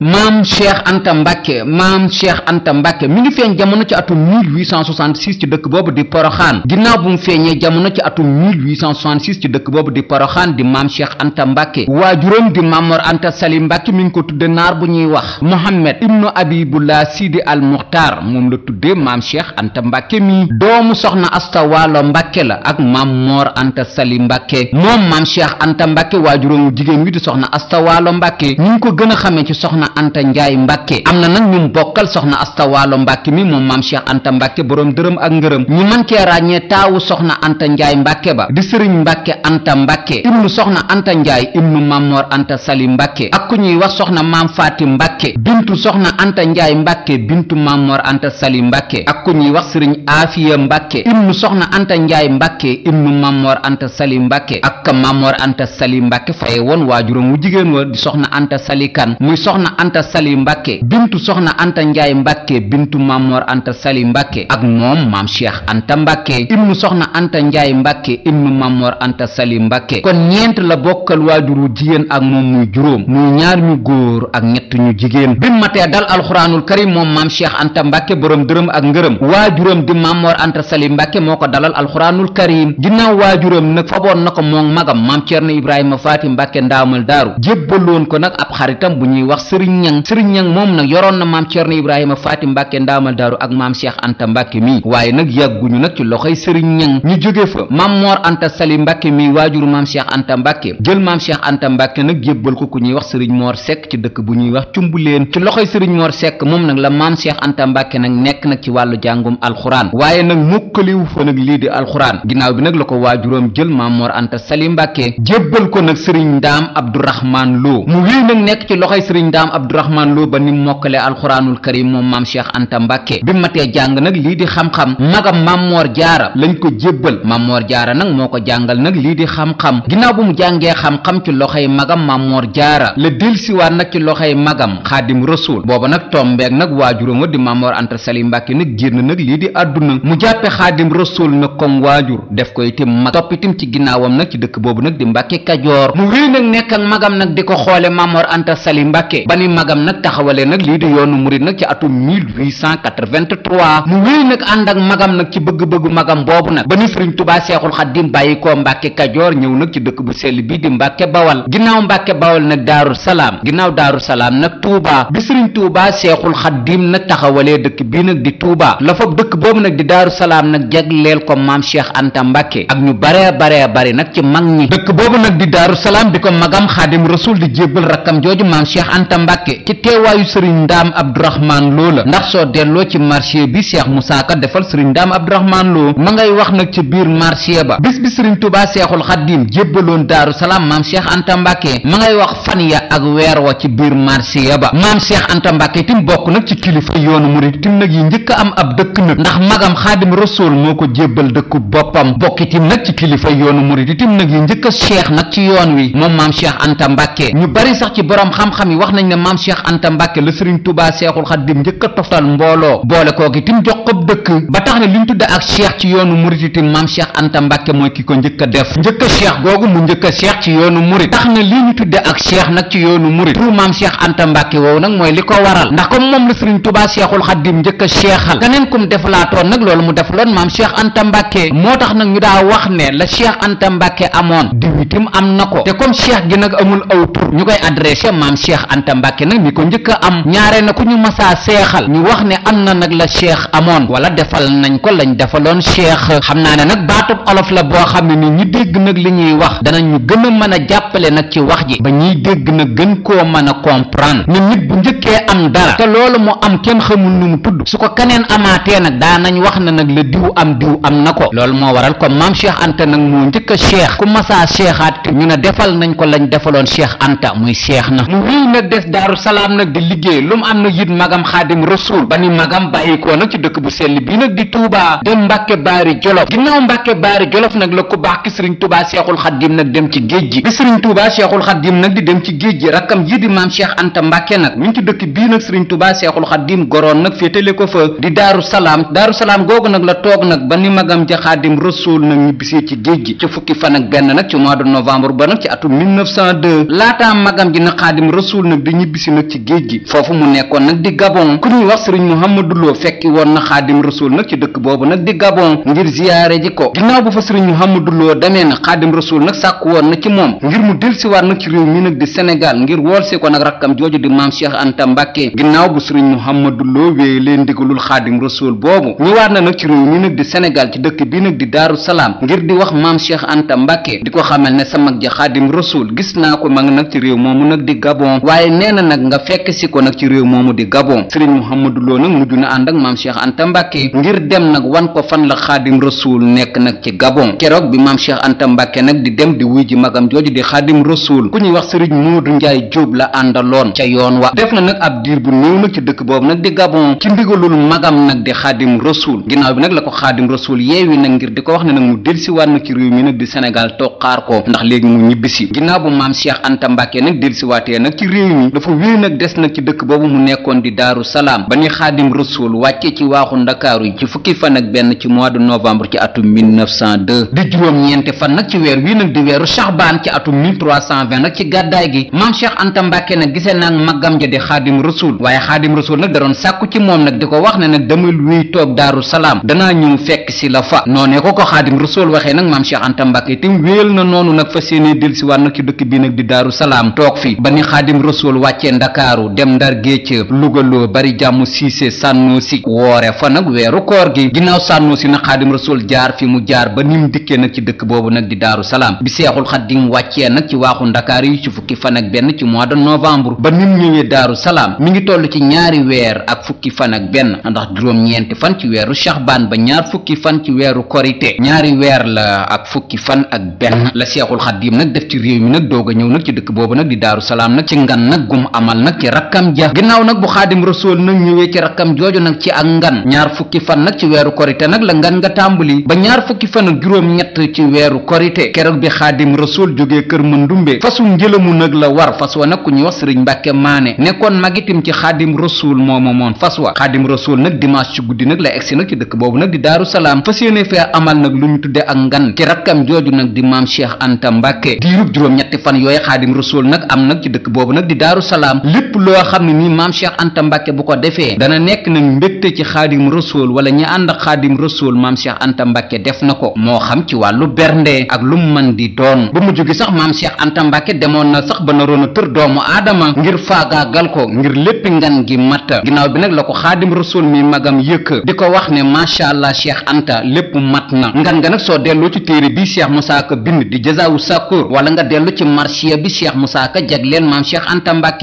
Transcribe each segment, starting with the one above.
maam cheikh anta mbàkke maam cheikh anta mbàkke mi ngi feeñ jamono ci atum 1866 ci dëkk boobu di poroxaan ginnaaw bu mu feeñee jamono ci atum 1866 ci dëkk boobu di poroxaan di maam cheikh anta mbàkke waajuram di mamor anta sali mbàkke mi ngi ko tudde naar bu ñuy wax mohammed ibnu abibullah sidi al muxtaar moom la tudde maam cheikh anta mbàkke mi doomu soxna asta waalo mbàkke la ak maam mor anta sali mbàkke moom maam cheikh anta mbàkke waajuramu jigéen wi di soxna asta mbàkke ñu ngi ko gën xamee ci soxna soxna anta njaay mbàkke am na nag ñum bokkal soxna asta mbàkke mi moom maam cheikh anta mbàkke boroom dërëm ak ngërëm ñu mën cee ràññee taawu soxna anta njaay mbàkke ba di sëriñ mbàkke anta mbàkke ibnu soxna anta njaay ibnu ak ku ñuy wax soxna maam faati mbàkke bintu soxna anta njaay mbàkke bintu mamor anta sali mbàkke ak ku ñuy wax sëriñ aafiya mbàkke ibnu soxna anta njaay mbàkke ibnu mamor anta sali mbàkke ak mamor anta sali mbàkke faye woon waajuram wu jigéen wa di soxna anta sali kan muy soxna anta sali mbàkke bintu soxna anta njaay mbàkke bintu mamor anta sali mbàkke ak moom maam cheikh anta mbàkke ibnu soxna anta njaay mbàkke ibnu mamor anta sali mbàkke kon ñeent la bokkal waajuru jigéen ak moom muy juróom muy ñaar ñu góor ak ñett ñu jigéen bi matee dal alxuraanul karim moom maam cheikh anta mbàkke boroom dërëm ak ngërëm waajuram di mamor anta sali mbàkke moo ko dalal alxuraanul karim ginnaaw waajuram nag faboon na ko moom magam maam ceerno ibrahima faati mbàkke sëriñ ñang sëriñ ñang moom nag yoroon na maam Cerno Ibrahima Faati Mbàkke ndaamal daaru ak maam Cheikh Anta Mbàkke mi waaye nag yàgguñu nag ci loxoy sëriñ ñang ñu jóge fa maam Anta Sali Mbàkke mi waajuru maam Cheikh Anta Mbàkke jël maam nag yébbal ko ku ñuy wax sëriñ Moor Sekk ci dëkk bu ñuy wax leen ci loxoy sëriñ Moor Sekk moom nag la maam seex Anta Mbàkke nag nekk nag ci wàllu jàngum alxuraan waaye nag mokkaliwu fa nag lii di alxuraan ginnaaw bi nag la ko waajuróom jël maam Moor Anta Sali Mbàkke jébbal ko nag sëriñ Ndaam Abdourahmaan Lo mu wéy abdourahman loo ba ni mokkale alxuraanul karim moom maam cheikh anta mbàkke bi matee jàng nag lii di xam-xam magam mammoor jaara lañ ko jébbal mammoor jaara nag moo ko jàngal nag lii di xam-xam ginnaaw bu mu jàngee xam-xam ci loxoy magam mammoor jaara la delsiwaat nag ci loxoy magam xaadim rasul booba nag tombeeg nag waajuram wa di mammoor anta sali mbàkke nag génn nag lii di àdduna mu jàppe xaadim rasul nag comme waajur def ko itam mag topp itam ci ginnaawam nag ci dëkk boobu nag di mbàkke kajoor mu wéy nag nekk ak magam nag di ko xoole mammoor i magam nag taxawalee nag lii di yoonu murit nag ci atum 1883 mu wéy nag ànd ak magam nag ci bëgg-bëggu magam boobu nag ba ni sëriñ tubaa seexul xaddim bàyyi koo mbàkke kajoor ñëw nag ci dëkk bu sell bii di mbàkke bawal ginnaaw mbàkke bawal nag daaru salaam ginnaaw daaru salaam nag tuubaa bi sëriñ tuubaa seexul xaddim nag taxawalee dëkk bii nag di tuubaa la fa dëkk boobu nag di daaru salaam nag jagleel ko maam cheikh anta mbàkke ak ñu baree baree bari nag ci ma ñi dëkk boobu nag di daaru salaam bi ko magam Mbàkke ci teewaayu sëriñ ndaam Abdourahmane Lo la ndax soo delloo ci marché bi Cheikh Moussa Ka defal sëriñ ndaam Abdourahmane Lo ma ngay wax nag ci biir marché ba bis bi sëriñ Touba Seexul Xaddiim jébbaloon Daaru Salaam maam Cheikh Anta Mbàkke ma ngay wax fan ya ak weer wa ci biir marché ya ba maam seex Anta Mbàkke bokk nag ci kilifa yoonu murid tim nag yi njëkk am ab dëkk nag ndax magam Xaadim Rasuul moo ko jébbal dëkku boppam bokki tim nag ci kilifa yoonu murid itim nag yi njëkk a cheikh ci yoon wi maam Cheikh Anta Mbàkke la Sëriñ Tuubaa Seexul Xadiim njëkk a toftal mbooloo boole kooki tim jox ko dëkk ba tax ne li ñu tudde ak cheikh ci yoonu murit itam maam Cheikh Anta Mbàkke mooy ki ko njëkk def njëkk a cheikh mu njëkk a ci yoonu murit tax na li ñu tudde ak cheikh nag ci yoonu murit turu maam Cheikh Anta Mbàkke woowu mooy li ko waral ndax comme moom la Sëriñ Tuubaa Seexul Xadiim njëkk a cheexal keneen kum deflaatoon nag loolu mu defaloon maam Cheikh Anta moo tax nag ñu daa wax ne la Cheikh Anta amoon diw itam am na ko te comme cheikh gi nag amul aw tur ñu koy adressé maam Cheikh Anta Mbàkke nag mi ko njëkk am ñaare na ku ñu masaa seexal ñu wax ne am na nag la cheikh amoon wala defal nañ ko lañ defaloon cheikh xam naa ne nag baatub olof la boo xam ne ni dégg nag li wax danañ gën a mën a jàppale nag ci wax ji ba dégg nag gën koo mën a comprendre ne nit bu njëkkee am dara loolu mu am kenn xamul nu mu tudd su ko keneen amaatee nag daa nañ wax na nag la diw am diw am na ko loolu moo waral comme maam cheikh anta nag njëkk a ku masaa cheikhaat ñu ne defal nañ ko lañ defaloon cheikh anta daaru salaam nag di liggéey lu mu am nag yit magam xaadim rasul ba ni magam bàyyikoo nag ci dëkk bu sell bii nag di Touba dem Mbàkke Baari Jolof ginnaaw Mbàkke Baari Jolof nag la ko baax ki Sëriñ Touba Seexul Xaddim nag dem ci géej gi bi Sëriñ Touba Seexul Xaddim nag di dem ci géej gi rakkam ji di maam Cheikh Anta Mbàkke nag mi ngi ci dëkk bii nag Sëriñ Touba Seexul Xaddim goroon nag féetale ko fa di daaru salaam daaru salaam googu nag la toog nag ba ni magam ja xaadim rasul nag ñibbisee ci géej gi ci fukki fan ak benn nag mois de novembre ba nag ci atum 1902 laataa magam ji nag xaadim rasul nag ñibbisi nag ci géej gi foofu mu nekkoon nag di gabon ku ñuy wax sëriñ Mouhamadou Lo fekki woon na xaadim rasul nag ci dëkk boobu nag di gabon ngir ziyaare ji ko ginnaaw bu fa sëriñ Mouhamadou Lo demee na xaadim rasul nag sàkku woon na ci moom ngir mu delsiwaat nag ci réew mi nag di Sénégal ngir woolsi ko nag rakkam jooju di maam Cheikh Anta Mbàkke ginnaaw bu sëriñ Mouhamadou Lo wéeye leen ndigalul xaadim rasul boobu ñëwaat na nag ci réew mi nag di Sénégal ci dëkk bi nag di Daaru Salaam ngir di wax maam Cheikh Anta Mbàkke di ko xamal ne sa mag ja xaadim rasul gis naa ko ma nag ci réew moomu nag di gabon waaye nee na nag nga fekk si ko nag ci réew moomu di Gabon sëriñ Mouhamadou Lo nag mujj na ànd ak maam Cheikh Anta ngir dem nag wan ko fan la xaadim rasul nekk nag ci Gabon keroog bi maam Cheikh Anta nag di dem di wuy ji magam jooju di xaadim rasul ku ñuy wax sëriñ Modou Ndiaye Diop la àndaloon ca yoon wa def na nag ab diir bu néew nag ci dëkk boobu nag di Gabon ci ndigalul magam nag di xaadim rasul ginnaaw bi nag la ko xaadim rasul yeewi nag ngir di ko wax ne nag mu delsiwaat nag ci réew mi nag di Sénégal toog xaar ko ndax léegi mu ñibbisi ginnaaw bu maam Cheikh Anta Mbacke nag delsiwaatee nag ci réew dafa nag des nag ci dëkk boobu mu nekkoon di daaru salaam ba ni xaadim rasuul wàcce ci waaxu ndakaaru yi ci fukki fan ak benn ci mois de novembre ci atum 1902 di juróom-ñeente fan nag ci weer wii nag di weeru Chaabaan ci atum 1320 nag ci gàddaay gi maam Cheikh Anta Mbàkke nag gisee naag màggam ja di xaadim rasuul waaye xaadim rasuul nag da doon sàkku ci moom nag di ko wax ne nag damay wéy toog daaru salaam danaa ñëw fekk si la fa noonee ko ko xaadim rasuul waxee nag maam Cheikh Anta na noonu nag fa séenee dellusiwaat nag dëkk bi nag di daaru salaam toog fi ba ni xaadim rasuul wàccee ndakaaru dem ndar géej lugaloo bari jàmm siise sànnoo si woore fa nag weeru koor gi ginnaaw sànnoo si na xaadim rasul jaar fi mu jaar ba nim dikkee nag ci dëkk boobu nag di daaru salaam bi seexul xaddim wàccee nag ci waaxu ndakaar yi ci fukki fan ak benn ci mois de novembre ba nim ñëwee daaru salaam mi ngi toll ci ñaari weer ak fukki fan ak benn ndax juróom fan ci weeru shaxbaan ba ñaar fukki fan ci weeru korite ñaari weer la ak fukki fan ak benn la seexul xaddim nag def ci réew mi nag doog a ñëw nag ci dëkk boobu nag di daaru salaam nag ci ngan nag gum mu amal nag ci rakkam ja ginnaaw nag bu xaadim rasool nag ñëwee ci rakkam jooju nag ci ak ngan ñaar fukki fan nag ci weeru korité nag la ngan nga tàmbali ba ñaar fukki fan ak juróom-ñett ci weeru korité keroog bi xaadim rasool jógee kër Mandumbe fasu njëlamu nag la war fas wa nag ku ñuy wax sëriñ Mbàkke Maane nekkoon magitim ci xaadim rasool mooma moon fas wa xaadim rasool nag dimanche ci guddi nag la egsi nag ci dëkk boobu nag di daaru salaam fas yéene fee amal nag lu ñu tudde ak ngan ci rakkam jooju nag di maam Cheikh Anta Mbàkke diirub juróom-ñetti fan yooyu xaadim rasool nag am nag ci dëkk boobu nag di daaru wasalaam lépp loo xam ne nii maam Cheikh Anta Mbacke bu ko defee dana nekk nag mbégte ci xaadim rasool wala ñi ànd ak xaadim rasool maam Cheikh Anta Mbacke def na ko moo xam ci wàllu bernde ak lu mu mën di doon ba mu gi sax maam Cheikh Anta Mbacke demoon na sax ba naroon a tër doomu aadama ngir faagaagal ko ngir lépp ngan gi matt ginnaaw bi nag la ko xaadim rasool mi magam yëkk di ko wax ne macha allah Cheikh Anta lépp mat na ngan nga nag soo delloo ci téere bi Cheikh Moussa Ka nga dellu ci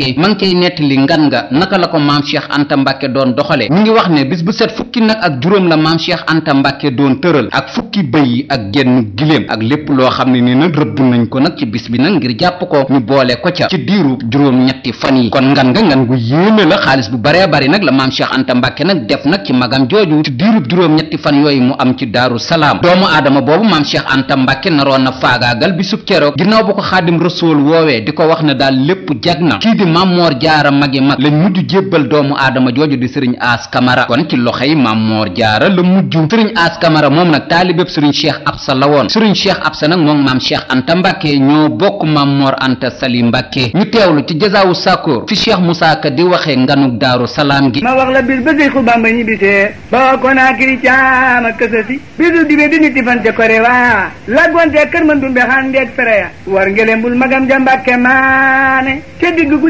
Mbàkke ma ngi cay nettali ngan nga naka la ko maam Cheikh Anta Mbàkke doon doxale mi ngi wax ne bis bu set fukki nag ak juróom la maam Cheikh Anta Mbàkke doon tëral ak fukki bëy yi ak genn giléem ak lépp loo xam ne ni na rëbb nañ ko nag ci bis bi nag ngir jàpp ko ñu boole ko ca ci diiru juróom ñetti fan yi kon ngan nga ngan gu yéeme la xaalis bu baree bari nag la maam Cheikh Anta Mbàkke nag def nag ci magam jooju ci diiru juróom ñetti fan yooyu mu am ci daaru salaam doomu aadama boobu maam Cheikh Anta na faagaagal bi sub keroog ginnaaw bu ko xaadim rasool woowee di ko wax ne daal lépp jag diggante Mamor Jaara magi mag lañ mujj jébbal doomu aadama jooju di sëriñ As Kamara kon ci loxoy Mamor Jaara la mujj sëriñ As Kamara moom nag taalibeb sëriñ Cheikh Absa la woon sëriñ Cheikh Absa nag moom maam Cheikh Anta Mbàkke ñoo bokk Mamor Anta Sali Mbàkke ñu teewlu ci jasaawu sàkkoor fi Cheikh Moussa di waxee nganuk daaru salaam gi ma wax la bis ba sëñ Xu Bamba ñi bisee ba Konaakiri caam ak kësasi bisu dibe di nit di fante kore waa laggoonte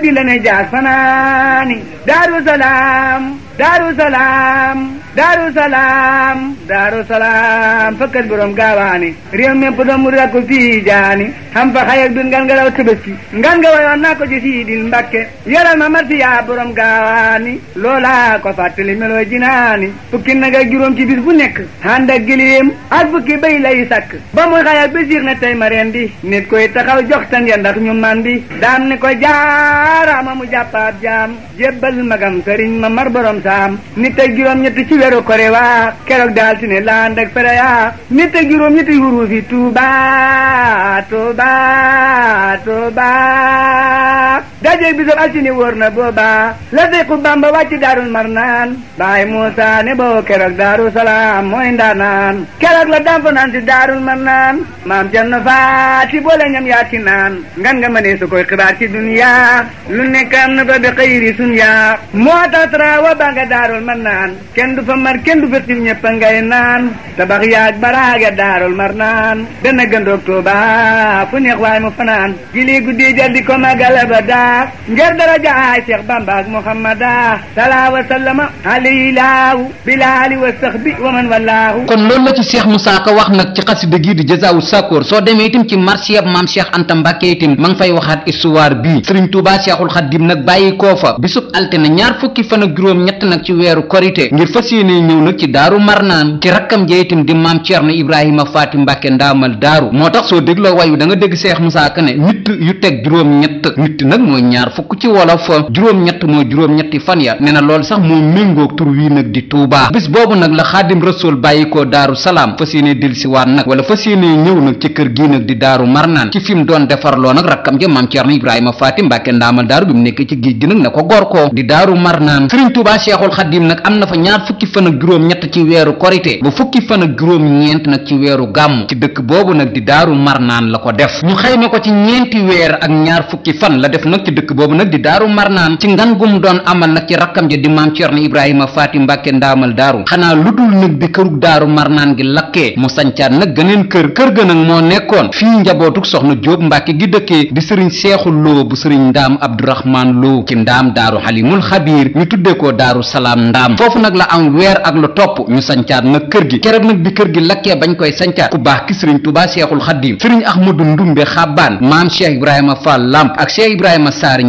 guddi la ne jaar fanaani daaru salaam daaru salaam daaru salaam daaru salaam fakkat borom gaawaani réew mépp doomu rakku fii jaani xam fa xayak dun ngan nga raw tëbaski ngan nga wayoon naa ci sii dil mbàkke yaral ma marti yaa borom gaawaani loola ko fàttali meloo jinaani fukki nag ak juróom ci bis bu nekk ànd ak giléem ak fukki béy lay sàkk ba muy xayak ba siir na tey ma reen di nit koy taxaw jox tan ya ndax ñu man di daam ni ko jaaraama mu jàppaab jaam jébbal magam sëriñ ma mar borom saam nit ak juróom-ñetti ci weeru kore waa keroog daal ti ne la ànd ak fere yaa nit ak juróom-ñetti hurufi tuuba tuuba tuuba dajeeg bisab altine wóor na booba la seeku bamba wàcc daarul marnaan baay muusa ne boo keroog daaru salaam mooy ndaanaan keroog la dam fa naan si daarul marnaan maam janno faati boole ñam yaati naan ngan nga ma ne su koy xibaar ci duniya lu nekk am na ba bi xëyri sun moo tax tra ba baa nga daarul ma naan kenn du fa mar kenn a ngay naan tabax yaag baraaga daarul mar naan dana gëndoog Tuuba fu neex waay mu fanaan gili guddi ja di ko magala ba daa njër daraja ay wa wa sahbi wa man walaahu kon loolu la ci Cheikh Moussa wax nag ci xasida gii di Jazaawu Sakoor soo demee itam ci marsiya maam Cheikh Anta Mbàkke itam ma ngi fay waxaat histoire bii Sëriñ Tuuba Cheikhul Xadim nag bàyyi koo fa bisub ñaar fukki fan juróom ñett ñett nag ci weeru korite ngir fas yéene ñëw nag ci daaru marnaan ci rakkam jeyitam di maam Ceerno Ibrahima Faati Mbàkke ndaamal daaru moo tax soo dégloo wayu da nga dégg Seex Musaa Ka ne ñitt yu teg juróom-ñett ñitt nag mooy ñaar fukk ci wolof juróom-ñett mooy juróom-ñetti fan ya nee na loolu sax moo méngoog tur wii nag di Tuubaa bis boobu nag la Xaadim Rasuul bàyyi ko daaru salaam fas yéene dellusiwaat nag wala fas yéene ñëw nag ci kër gii nag di daaru marnaan ci fi mu doon defarloo nag rakkam ja maam Ceerno Ibrahima Faati Mbàkke ndaamal daaru bi mu nekk ci géej gi nag na ko gor koo di daaru marnaan Sëriñ Tuubaa seexul xaddim nag am na fa ñaar fukki fan ak juróom-ñett ci weeru korite ba fukki fan ak juróom-ñeent nag ci weeru gàmm ci dëkk boobu nag di daaru marnaan la ko def ñu xayma ko ci ñeenti weer ak ñaar fukki fan la def nag ci dëkk boobu nag di daaru marnaan ci ngan gum doon amal nag ci rakkam ja di maam Cerno Ibrahima Faati Mbàkke ndaamal daaru xanaa lu dul nag bi kërug daaru marnaan gi lakkee mu sancaat nag geneen kër kër ga nag moo nekkoon fii njabootuk soxna Jóob Mbàkke gi dëkkee di sëriñ seexu loo bu sëriñ ndaam Abdurahmaan loo ci daaru salaam ndaam foofu nag la am weer ak lu topp ñu sancaat nag kër gi keroog nag bi koy sancaat ku baax ki sëriñ tubaa seexul xaddiim sëriñ ahmadu ndumbe xabbaan maam cheikh ibrahima fall lamp ak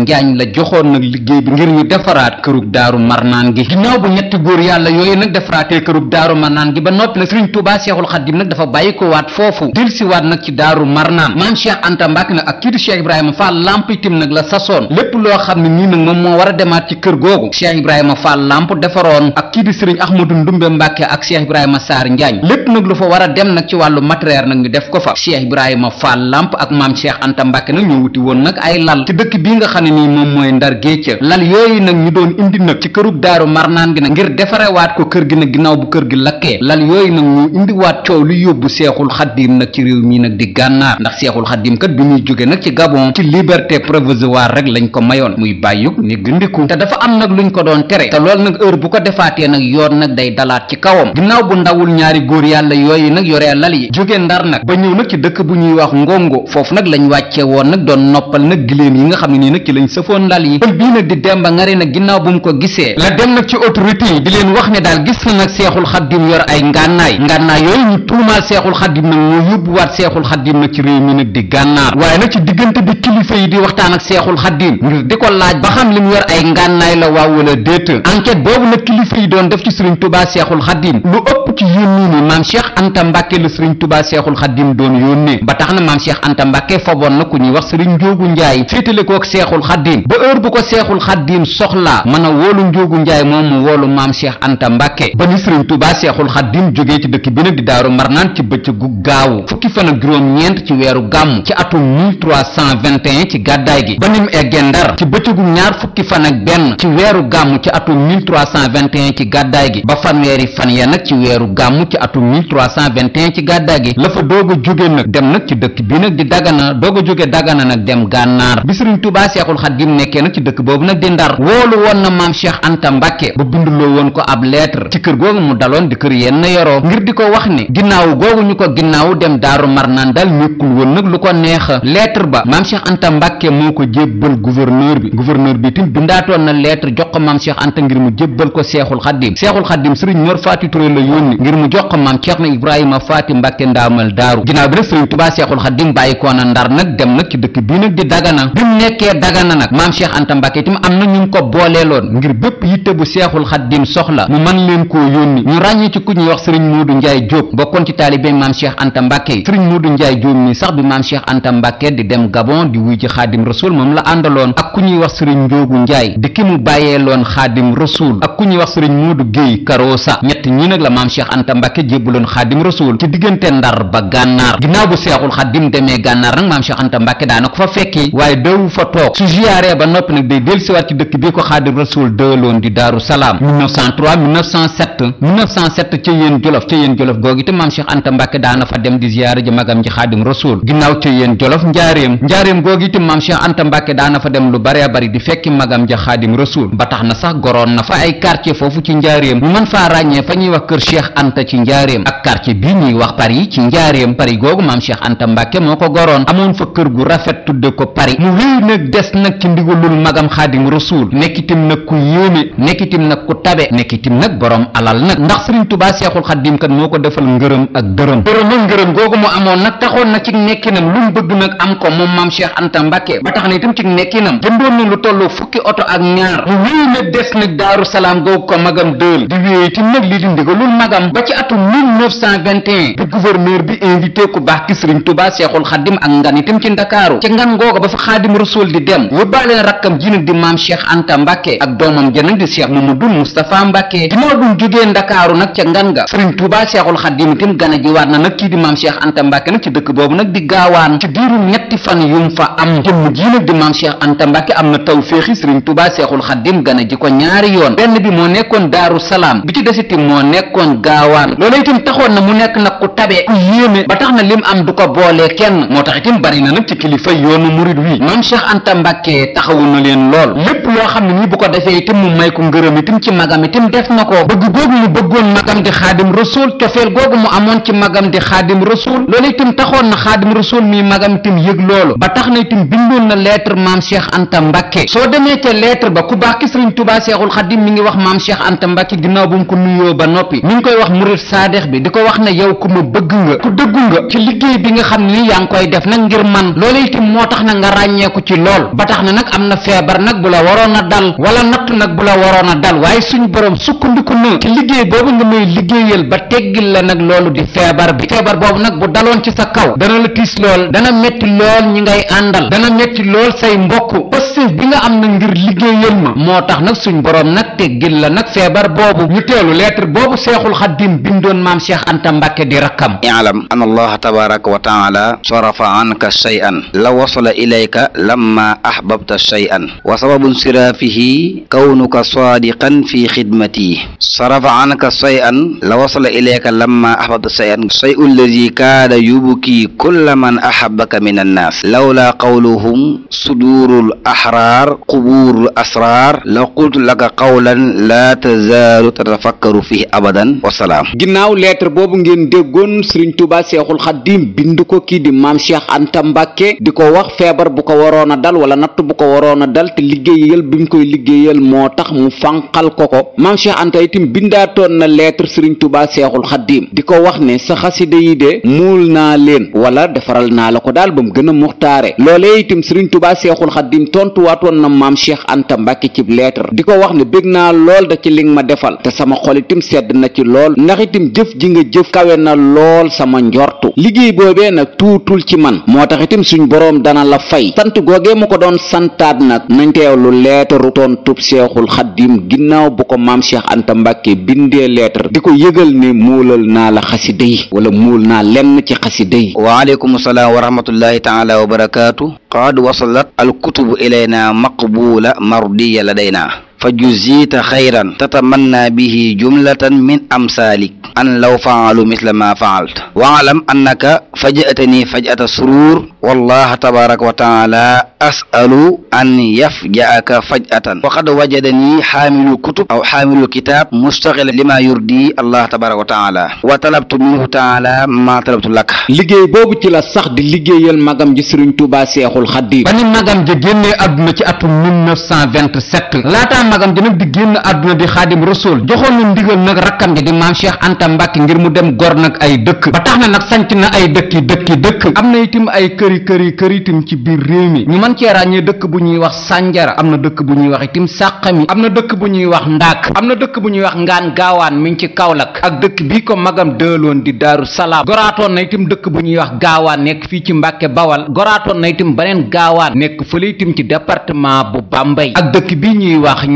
njaañ la joxoon nag liggéey bi ngir ñu defaraat kërug daaru marnaan gi ginnaaw bu ñetti góor yàlla yooyu nag defaraatee kërug daaru marnaan gi ba noppi nag sëriñ tubaa seexul xaddiim nag dafa bàyyi ko waat foofu dil si waat nag ci daaru marnaan maam cheikh anta nag ak kii di ibrahima fall la sasoon lépp loo xam ne nii a demaat ci kër googu cheikh ibrahima Fall Lamp defaroon ak kii di sëriñ Ahmadou Ndumbe Mbàkke ak Cheikh Ibrahima Sarr Njaañ lépp nag lu fa war a dem nag ci wàllu matériel nag ñu def ko fa Cheikh Ibrahima Fall Lamp ak maam Cheikh Anta Mbàkke nag ñoo wuti woon nag ay lal ci dëkk bii nga xam ne nii moom mooy Ndar Géej lal yooyu nag ñu doon indi nag ci kërug Daaru Marnaan gi nag ngir defarewaat ko kër gi na ginnaaw bu kër gi lakkee lal yooyu nag ñu indiwaat coow lu yóbbu Seexul Xaddiim nag ci réew mi nag di gànnaar ndax Seexul Xaddiim kat bi muy jóge nag ci Gabon ci liberté provisoire rek lañ ko mayoon muy bàyyug loolu nag heure bu ko defaatee nag yoon nag day dalaat ci kawam ginnaaw bu ndawul ñaari góor yàlla yooyu nag yoree lal yi jóge ndar nag ba ñëw nag ci dëkk bu ñuy wax ngongo foofu nag lañ wàccee woon nag doon noppal nag giléem yi nga xam ne nii nag ci lañ sëfoon lal yi pël bii nag di demba ngari nag ginnaaw bu ko gisee la dem nag ci autorité yi di leen wax ne daal gis na nag seexul xaddim yor ay ngànnaay ngànnaay yooyu ñu tuumaal seexul xaddim nag moo yóbbuwaat seexul xaddim nag ci réew mi nag di gànnaar waaye nag ci diggante bi kilifa yi di waxtaan ak seexul xaddim ngir di ko laaj ba xam li mu yor ay ngànnaay la waaw wala déet enquête boobu nag kilifa yi doon def ci sëriñ tubaa seexul xaddim lu ëpp ci yónnii ni maam cheikh anta mbàkke la sëriñ tubaa seexul xaddim doon yónnee ba tax na maam cheikh anta mbàkke foboon na ku ñuy wax sëriñ njoogu njaay féetale kook seexul xaddim ba heure bu ko seexul xaddim soxlaa mën a woolu njoogu njaay moom mu woolu maam cheikh anta mbàkke ba ni sëriñ tubaa seexul xaddim jógee ci dëkk bi nag di daaru marnaan ci bëccëgu gaawu fukki fan ak juróom-ñeent ci weeru gàmm ci atum 1321 ci gàddaay gi ba nim eggee ci bëccëgu ñaar fukki fan ak benn ci weeru gàmm ci atum atum 1321 ci gàddaay gi ba fanweeri fan ya nag ci weeru gàmmu ci atum 1321 ci gàddaay gi la fa doog a jóge nag dem nag ci dëkk bi nag di dagana doog a jóge dagana nag dem gànnaar bi sëriñ tubaa seexul xadiim nekkee nag ci dëkk boobu nag di ndar woolu woon na maam cheikh anta mbàkke ba binduloo woon ko ab lettre ci kër googu mu daloon di kër yenn yoroo ngir di ko wax ni ginnaaw googu ñu ko ginnaaw dem daaru marnaan dal ñëkkul woon nag lu ko neex lettre ba maam anta mbàkke moo ko jébbal gouverneur bi gouverneur bi tim ngir mu jébbal ko seexul xaddim seexul xaddim sëriñ Mor Faty Touré la yónni ngir mu jox ko maam Ceerno a Faty Mbàkke ndaamal daaru ginnaaw bi nag sëriñ Tuubaa seexul xaddim bàyyi ko na ndar nag dem nag ci dëkk bii nag di dagana bi mu nekkee dagana nag maam Cheikh Anta Mbàkke itam am na ñu ko booleeloon ngir bépp yitte bu seexul xaddim soxla mu mën leen koo yónni ñu ràññee ci ku ñuy wax sëriñ Moodu Njaay Jóob bokkoon sax bi maam Cheikh Anta di dem Gabon di wuy ji xaadim rasul moom la àndaloon ak ku ñuy wax sëriñ rasul ak ku ñuy wax sëriñ Modou Guèye Karosa ñett ñi nag la maam Cheikh Anta Mbacke jébbaloon xaadim rasul ci diggante ndar ba gànnaar ginnaaw bu seexul xaadim demee gànnaar nag maam Cheikh Anta Mbacke daana fa ba noppi nag day dellusiwaat ci dëkk dem di ziyaara ji magam ji xaadim rasul ginnaaw ca yéen jolof njaareem njaareem googu itam maam Cheikh Anta Mbacke daana fa dem lu bare bari di fekki magam ja xaadim rasul ba tax na sax goroon am na fa ay quartier foofu ci njaareem ñu mën faa ràññee fa ñuy wax kër Cheikh Anta ci njaareem ak quartier bii ñuy wax Paris ci njaareem Paris googu maam Cheikh Anta Mbàkke moo ko goroon amoon fa kër gu rafet tudde ko Paris mu wéy nag des nag ci ndigalul magam xaadim rasuul nekkitim nag ku yéeme nekkitim nag ku tabe nekkitim nag borom alal nag ndax Sëriñ Tubaa Seexul Xaadim kat moo ko defal ngërëm ak dërëm dërëm ngërëm googu mu amoon nag taxoon na ci nekkinam lu na itam ci nekkinam nag daaru salaam googu ko magam dël di wéyee ci nag li di ndigalul magam ba ci atum bi invité ku baax ki sëriñ tubaa seexul xaddim ak ngan itam ci ndakaaru ci ngan googa ba fa xaadim rasul di dem yóbbaale na rakkam ji nag di maam cheikh anta mbàkke ak doomam ja nag di cheikh mamadou moustapha mbàkke ginnaaw buñ jógee ndakaaru nag ca ngan nga sëriñ tubaa seexul xaddim itam gana ji waat na nag kii di maam cheikh anta mbàkke nag ci dëkk boobu nag di gaawaan ci diiru ñetti fan yum fa am jëmm ji nag di maam cheikh anta mbàkke am na tawféexi sëriñ tubaa seexul xaddim gana ji ko ñaari ñaari yoon benn bi moo nekkoon daaru salaam bi ci desiti moo nekkoon gaawaan loola tam taxoon na mu nekk nag ku tabee ku yéeme ba tax na lim am du ko boolee kenn moo tax itam bari na nag ci kilifa yoonu murid wi maam Cheikh Anta Mbàkke taxawu na leen lool lépp loo xam ne nii bu ko defee itam mu may ko ngërëm itam ci magam itam def na ko bëgg googu mu bëggoon magam di xaadim rasul cofeel googu mu amoon ci magam di xaadim rasul loola itam taxoon na xaadim rasul mi magam itam yëg loolu ba tax na itam bindoon na lettre maam Cheikh Anta Mbàkke soo demee ca lettre ba ku baax ki Sëriñ Tuubaa Seexul xadim mi ngi wax maam Cheikh Anta Mbacke ginnaaw bu mu ko nuyoo ba noppi mu ngi koy wax murit saadex bi di ko wax ne yow ku ma bëgg nga ku dëggu nga ci liggéey bi nga xam ni yaa ngi koy def nag ngir man loolu moo tax na nga ràññeeku ci lool ba na nag am na feebar nag bu la waroon a dal wala nattu nag bu la waroon a dal waaye suñ borom sukkandiku na ci liggéey boobu nga may liggéeyal ba teggil la nag loolu di feebar bi feebar boobu nag bu daloon ci sa kaw dana la tiis lool dana metti lool ñi ngay àndal dana metti lool say mbokk bi nga am na ngir liggéeyal ma moo tax nag suñ borom kon nag teggil la nag feebar boobu ñu teelu lettre boobu seexul xaddim bindoon maam cheikh anta mbàkke di rakkam i'lam an allaha tabaraka wa taala sarafa anka shay'an la wasala ilayka lamma ahbabta shay'an wa sababu insirafihi kawnuka sadiqan fi xidmati sarafa anka shay'an la wasala ilayka lamma ahbabta shay'an shay'u allazi kaada yubki kulla man ahabbaka min annaas lawla qawluhum sudurul ahrar quburul asrar la qultu laka qawlan laa tazaalu tatafakkaru fihi abadan wasalaam ginnaaw lettre boobu ngeen déggoon sëriñ tuuba seexul xaddim bind ko kii di maam cheikh anta mbàkke di ko wax feebar bu ko waroon a dal wala natt bu ko waroon a dal te liggéeyal bi mu koy liggéeyal moo tax mu fànqal ko ko maam cheikh anta itam bindaatoon na lettre sëriñ tuuba seexul xaddim di ko wax ne sa xasida yi de muul naa leen wala defaral naa la ko daal ba mu gën a muxtaare loolee itam sëriñ tuuba seexul xaddim tontuwaatoon na maam cheikh anta mbàkke ci lettre itam naa lool da ci li nga ma defal te sama xol sedd na ci lool ndax itam jëf ji nga jëf kawe na lool sama njortu liggéey boobee nag tuutul ci man moo tax itam suñ boroom dana la fay sant googee mu ko doon santaat nag nañ teewlu leetaru tontub seexul xaddim ginnaaw bu ko maam Cheikh Anta Mbàkke bindee leetar di ko yëgal ne muulal naa la xasida yi wala muul naa lenn ci xasida yi waaleykum salaam wa rahmatullahi taala wa barakaatu qad wasalat al kutubu ilayna maqbula mardiya ladayna fa juziita xayran tatamanna bihi jumlatan min amsaalik an law faalu misla ma faalta waalam annaka fajatani fajata surur wallaha tabaraka wa taala asalu an yafjaaka fajatan waqad wajadani xaamilu kutub aw xaamilu kitaab mustaxila lima yurdi allah tabaraka wa taala wa talabtu minhu taala ma talabtu laka liggéey boobu ci la sax di liggéeyal magam ji sëriñ Tuubaa Seexul Xadiim ba ni magam ji génnee àdduna ci atum 1927 magam ji nag di génn àdduna di xaadim rasul joxoon na ndigal nag rakkam ji di maam Cheikh Anta Mbacke ngir mu dem gor nag ay dëkk ba tax na nag sanc na ay dëkk yi dëkk yi dëkk am na itam ay këri këri këri itam ci biir réew mi ñu mën cee ràññee dëkk bu ñuy wax Sanjara am na dëkk bu ñuy wax itam Sàqami am na dëkk bu ñuy wax Ndaak am na dëkk bu ñuy wax Ngaan Gaawaan mi ngi ci Kaolack ak dëkk bii ko magam dëloon di Daaru Salaam goraatoon na itam dëkk bu ñuy wax Gaawaan nekk fii ci Mbacke Bawal goraatoon na itam beneen Gaawaan nekk fële itam ci département bu Bambey ak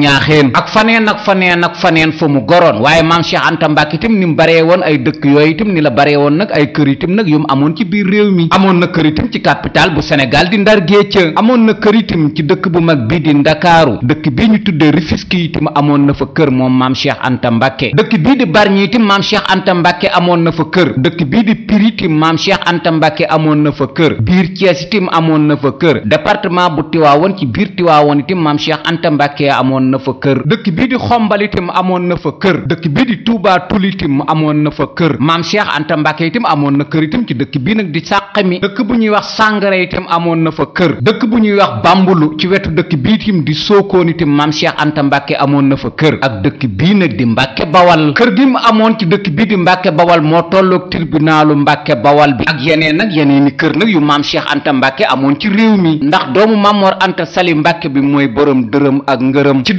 ñaaxeen ak faneen ak faneen ak faneen fa mu goroon waaye maam Cheikh Anta Mbàkke itam ni mu baree woon ay dëkk yooyu itam ni la baree woon nag ay kër itam nag yu mu amoon ci biir réew mi amoon na kër itam ci capital bu Sénégal di Ndar Géej amoon na kër itam ci dëkk bu mag bii di Ndakaaru dëkk bii ñu tuddee Rufisque itam amoon na fa kër moom maam Cheikh Anta Mbàkke dëkk bii di Bargny itam maam Cheikh Anta Mbàkke amoon na fa kër dëkk bii di Pire itam maam Cheikh Anta Mbàkke amoon na fa kër biir Thiès itam amoon na fa kër département bu Tiwaawoon ci biir Tiwaawoon itam maam Cheikh Anta Mbàkke amoon na na fa kër dëkk bii di xombal itam amoon na fa kër dëkk bii di Touba Toul itam amoon na fa kër maam Cheikh Anta Mbacke itam amoon na kër ci dëkk bii nag di mi dëkk bu ñuy wax Sàngara itam amoon na fa kër dëkk bu ñuy wax Bambulu ci wetu dëkk bii itam di Sokone itam maam Cheikh Anta Mbacke amoon na fa kër ak dëkk bii nag di Mbacke Bawal kër gi mu amoon ci dëkk bii di Mbacke Bawal moo tolloog tribunalu Mbacke Bawal bi ak yeneen nag yeneen i kër nag yu maam Cheikh Anta Mbacke amoon ci réew mi ndax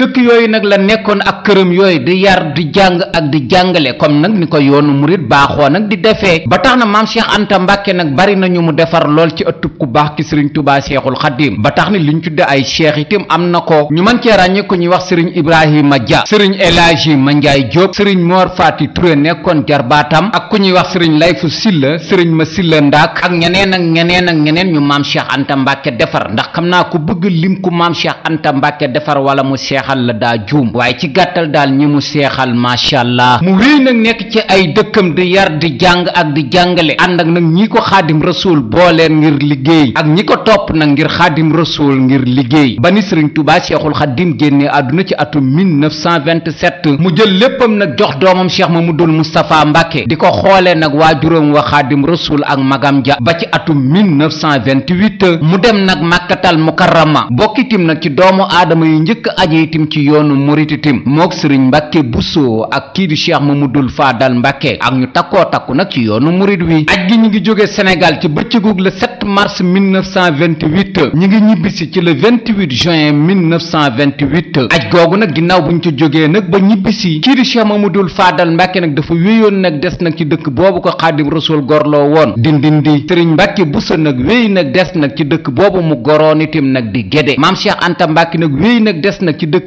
dëkk yooyu nag la nekkoon ak këram yooyu di yar di jàng ak di jàngale comme nag ni ko yoonu murit baaxoo nag di defee ba tax na maam Cheikh Anta Mbàkke nag bari nañu mu defar lool ci ëttub ku baax ci sëriñ Tubaa Seexul Xadiim ba tax ni ñu tudde ay cheikh itam am na ko ñu mën cee ràññee ko ñuy wax sëriñ Ibrahima Dia sëriñ El Hadji Mandiaye Diop sëriñ Mor Fati Touré nekkoon jarbaatam ak ku ñuy wax sëriñ lay Layfu Silla sëriñ Ma Silla Ndaak ak ñeneen ak ñeneen ak ñeneen ñu maam Cheikh defar ndax xam naa ku bëgg lim ku maam defar wala mu cheikh seexal la daa juum waaye ci gàttal daal ñi mu seexal macha allah mu wéy nag nekk ci ay dëkkam di yar di jàng ak di jàngale ànd ak nag ñi ko xaadim rasuul booleen ngir liggéey ak ñi ko topp nag ngir xaadim rasuul ngir liggéey ba ni sëriñ tubaa seexul xaadim génnee àdduna ci atum 1927 mu jël léppam nag jox doomam ma cheikh mamadul moustapha mbàkke di ko xoolee nag waa juróom wa xaadim rasuul ak magam ja ba ci atum 1928 mu dem nag màkkatal mukarrama bokkitim nag ci doomu aadama yu njëkk itim ci yoonu murit itim mook sëriñ mbàkke buso ak kii di cheikh mamadul faadal mbàkke ak ñu takkoo takku nag ci yoonu murit wi aj gi ñu ngi jóge sénégal ci bëccëgug le 7 mars 1928 ñi ngi ñibbisi ci le 28 juin 1928 aj googu nag ginnaaw buñ ci jógee nag ba ñibbisi kii di cheikh mamadul faadal mbàkke nag dafa wéyoon nag des nag ci dëkk boobu ko xaadim rasul gorloo woon dindindi sëriñ mbàkke buso nag wéy nag des nag ci dëkk boobu mu goroon itim nag di géde maam cheikh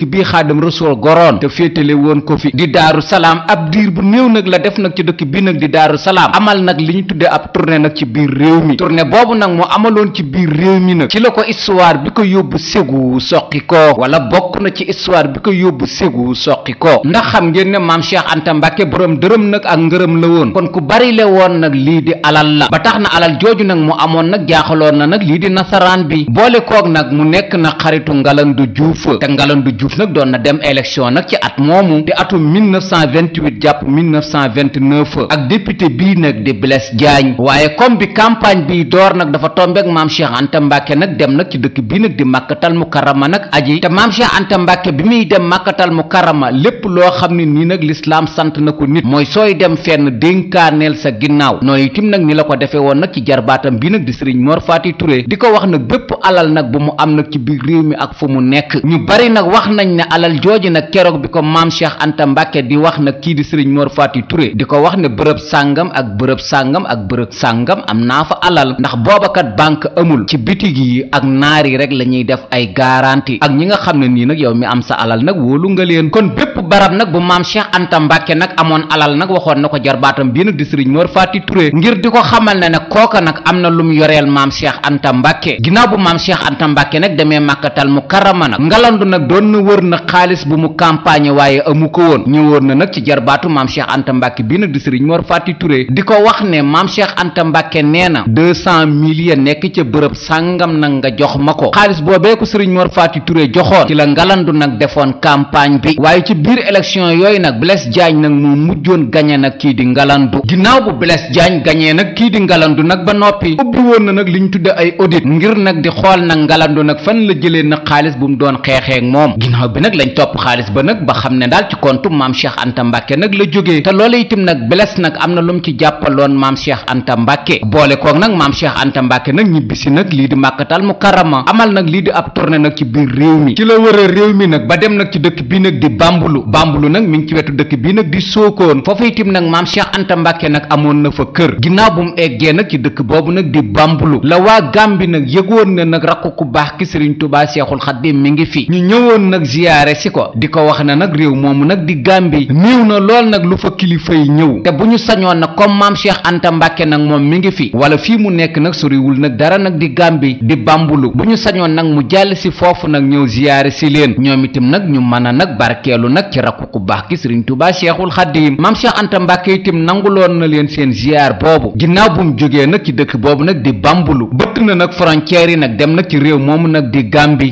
dëkk bii xaadim rasul goroon te féetale woon ko fi di daaru salaam ab diir bu néew nag la def nag ci dëkk bi nag di daaru salaam amal nag li ñu tuddee ab tournée nag ci biir réew mi tournée boobu nag moo amaloon ci biir réew mi nag ci la ko histoire bi ko yóbbu ségu soqi ko wala bokk na ci histoire bi ko yóbbu ségu soqi ko ndax xam ngeen ne maam Cheikh Anta Mbacke borom dërëm nag ak ngërëm la woon kon ku bari le woon nag lii di alal la ba tax na alal jooju nag mu amoon nag jaaxaloon na nag lii di nasaraan bi boole koog nag mu nekk na xaritu ngalandu juuf te ngalandu juuf Diouf nag doon na dem élection nag ci at moomu di atum 1928 jàpp 1929 ak député bii nag di Blaise Diagne waaye comme bi campagne bi door nag dafa tombeek maam Cheikh Anta Mbacke nag dem nag ci dëkk bii nag di màkkatal mu karama nag aji te maam Cheikh Anta Mbacke bi muy dem màkkatal mu karama lépp loo xam ne nii nag lislaam sant na ko nit mooy sooy dem fenn dénkaaneel sa ginnaaw nooy itam nag ni la ko defee woon nag ci jarbaatam bi nag di Serigne Mor Fati Touré di ko wax nag bépp alal nag bu mu am nag ci biir mi ak fu mu nekk ñu nañ ne alal jooju nag keroog bi ko maam Cheikh Anta Mbacke di wax nag kii di Serigne Mor Faty Touré di ko wax ne bërëb sàngam ak bërëb sàngam ak bërëb sàngam am naa fa alal ndax boobakat banque amul ci bitig yi ak naar yi rek la ñuy def ay garantie ak ñi nga xam ne nii nag yow mi am sa alal nag wóolu nga leen kon bépp barab nag bu maam Cheikh Anta nag amoon alal nag waxoon na ko jarbaatam bii nag di Serigne Mor Faty Touré ngir di ko xamal na ne nag kooka nag am na lum yoreel maam Cheikh Anta Mbacke ginnaaw bu maam Cheikh Anta Mbacke nag demee màkkatal mu karama nag ngalandu nag doon wër na xaalis bu mu campagne waaye amu ko woon ñëwoon na nag ci jarbaatu maam Cheikh Anta Mbacke bi na di Serigne Mor Fati ture di ko wax ne maam Cheikh Anta Mbacke nee na deux cent mille ya nekk ca bërëb sàngam nag nga jox ma ko xaalis boobee ko Serigne Mor Fati ture joxoon ci la ngalandu nag defoon campagne bi waaye ci biir élection yooyu nag Blaise jaañ nag moo mujjoon gañe nag kii di ngalandu ginnaaw bu Blaise jaañ gañee nag kii di ngalandu nag ba noppi ubbi woon na nag li ñu tudde ay audit ngir nag di xool nag ngalandu nag fan la jëlee nag xaalis bu mu doon xeexee ak ginnaaw bi nag lañ topp xaalis ba nag ba xam ne daal ci kontu maam Cheikh Anta Mbacke nag la jógee te loola itam nag beles nag am na lu mu ci jàppaloon maam Cheikh Anta Mbacke boole koog nag maam Anta Mbacke nag ñibbisi nag lii di màkkatal mu karama amal nag lii di ab tournée nag ci biir réew mi ci la wër a réew mi nag ba dem nag ci dëkk bi nag di bambulu bambulu nag mi ngi ci wetu dëkk bii nag di sookoon foofu itam nag maam Cheikh Anta Mbacke nag amoon na fa kër ginnaaw bu mu eggee nag ci dëkk boobu nag di bambulu la waa bi nag yëgoon ne nag rakku ku baax ki Serigne Touba Cheikhoul mi ziyaare si ko di ko wax na nag réew moomu nag di Gàmbi néew na lool nag lu fa kilifa yi ñëw te bu ñu sañoon nag comme maam Cheikh Anta Mbàkke nag moom mi ngi fi wala fii mu nekk nag soriwul nag dara nag di Gàmbi di bàmbulu bu ñu sañoon nag mu jàll si foofu nag ñëw ziyaare si leen ñoom itam nag ñu mën a nag barkeelu nag ci rakku ku baax ki Sëriñ Tuubaa Seexul Xadiim maam Cheikh Anta Mbàkke itam nanguloon na leen seen ziyaar boobu ginnaaw bu mu jógee nag ci dëkk boobu nag di bàmbulu bëtt na nag frontière yi nag dem nag ci réew moomu nag di Gàmbi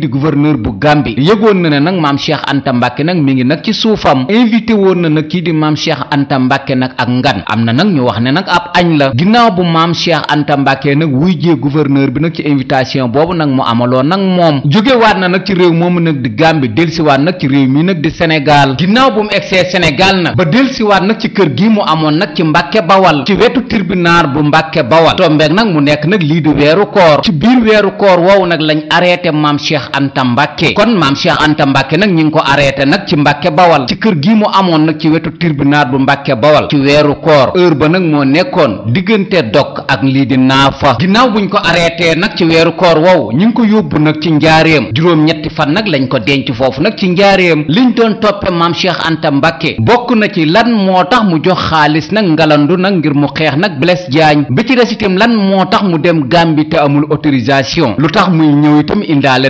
di gouverneur bu Gambie yëgoon na ne nag maam Cheikh Anta Mbacke nag ngi nag ci suufam invité woon na nag kii di maam Cheikh Anta Mbacke ak ngan am na nag ñu wax ne nag ab la ginnaaw bu maam Cheikh Anta Mbacke nag wuy jee gouverneur bi nag ci invitation boobu nag mu amaloon nag moom jógewaat na nag ci réew moomu nag di Gambie delsiwaat nag ci réew mi nag di Sénégal ginnaaw bu mu egsee Sénégal nag ba delsiwaat nag ci kër gi mu amoon nag ci Mbacke Bawal ci wetu tribunal bu Mbacke Bawal tombeek nag mu nekk nag lii di weeru koor ci biir weeru koor woowu nag lañ arrêté maam Cheikh Anta Mbàkke kon maam Cheikh Anta Mbàkke nag ñi ngi ko arrêté nag ci Mbàkke Bawal ci kër gii mu amoon nag ci wetu tribunal bu Mbàkke Bawal ci weeru koor heure ba nag moo nekkoon diggante dog ak lii di naafa ginnaaw buñ ko arrêté nag ci weeru koor wow ñi ngi ko yóbbu nag ci njaareem juróom-ñetti fan nag lañ ko denc foofu nag ci njaareem liñ doon toppe maam Cheikh Anta bokk na ci lan moo tax mu jox xaalis nag ngalandu nag ngir mu xeex nag Blaise Diagne bi ci lan moo tax mu dem Gambie te amul autorisation lu tax muy ñëw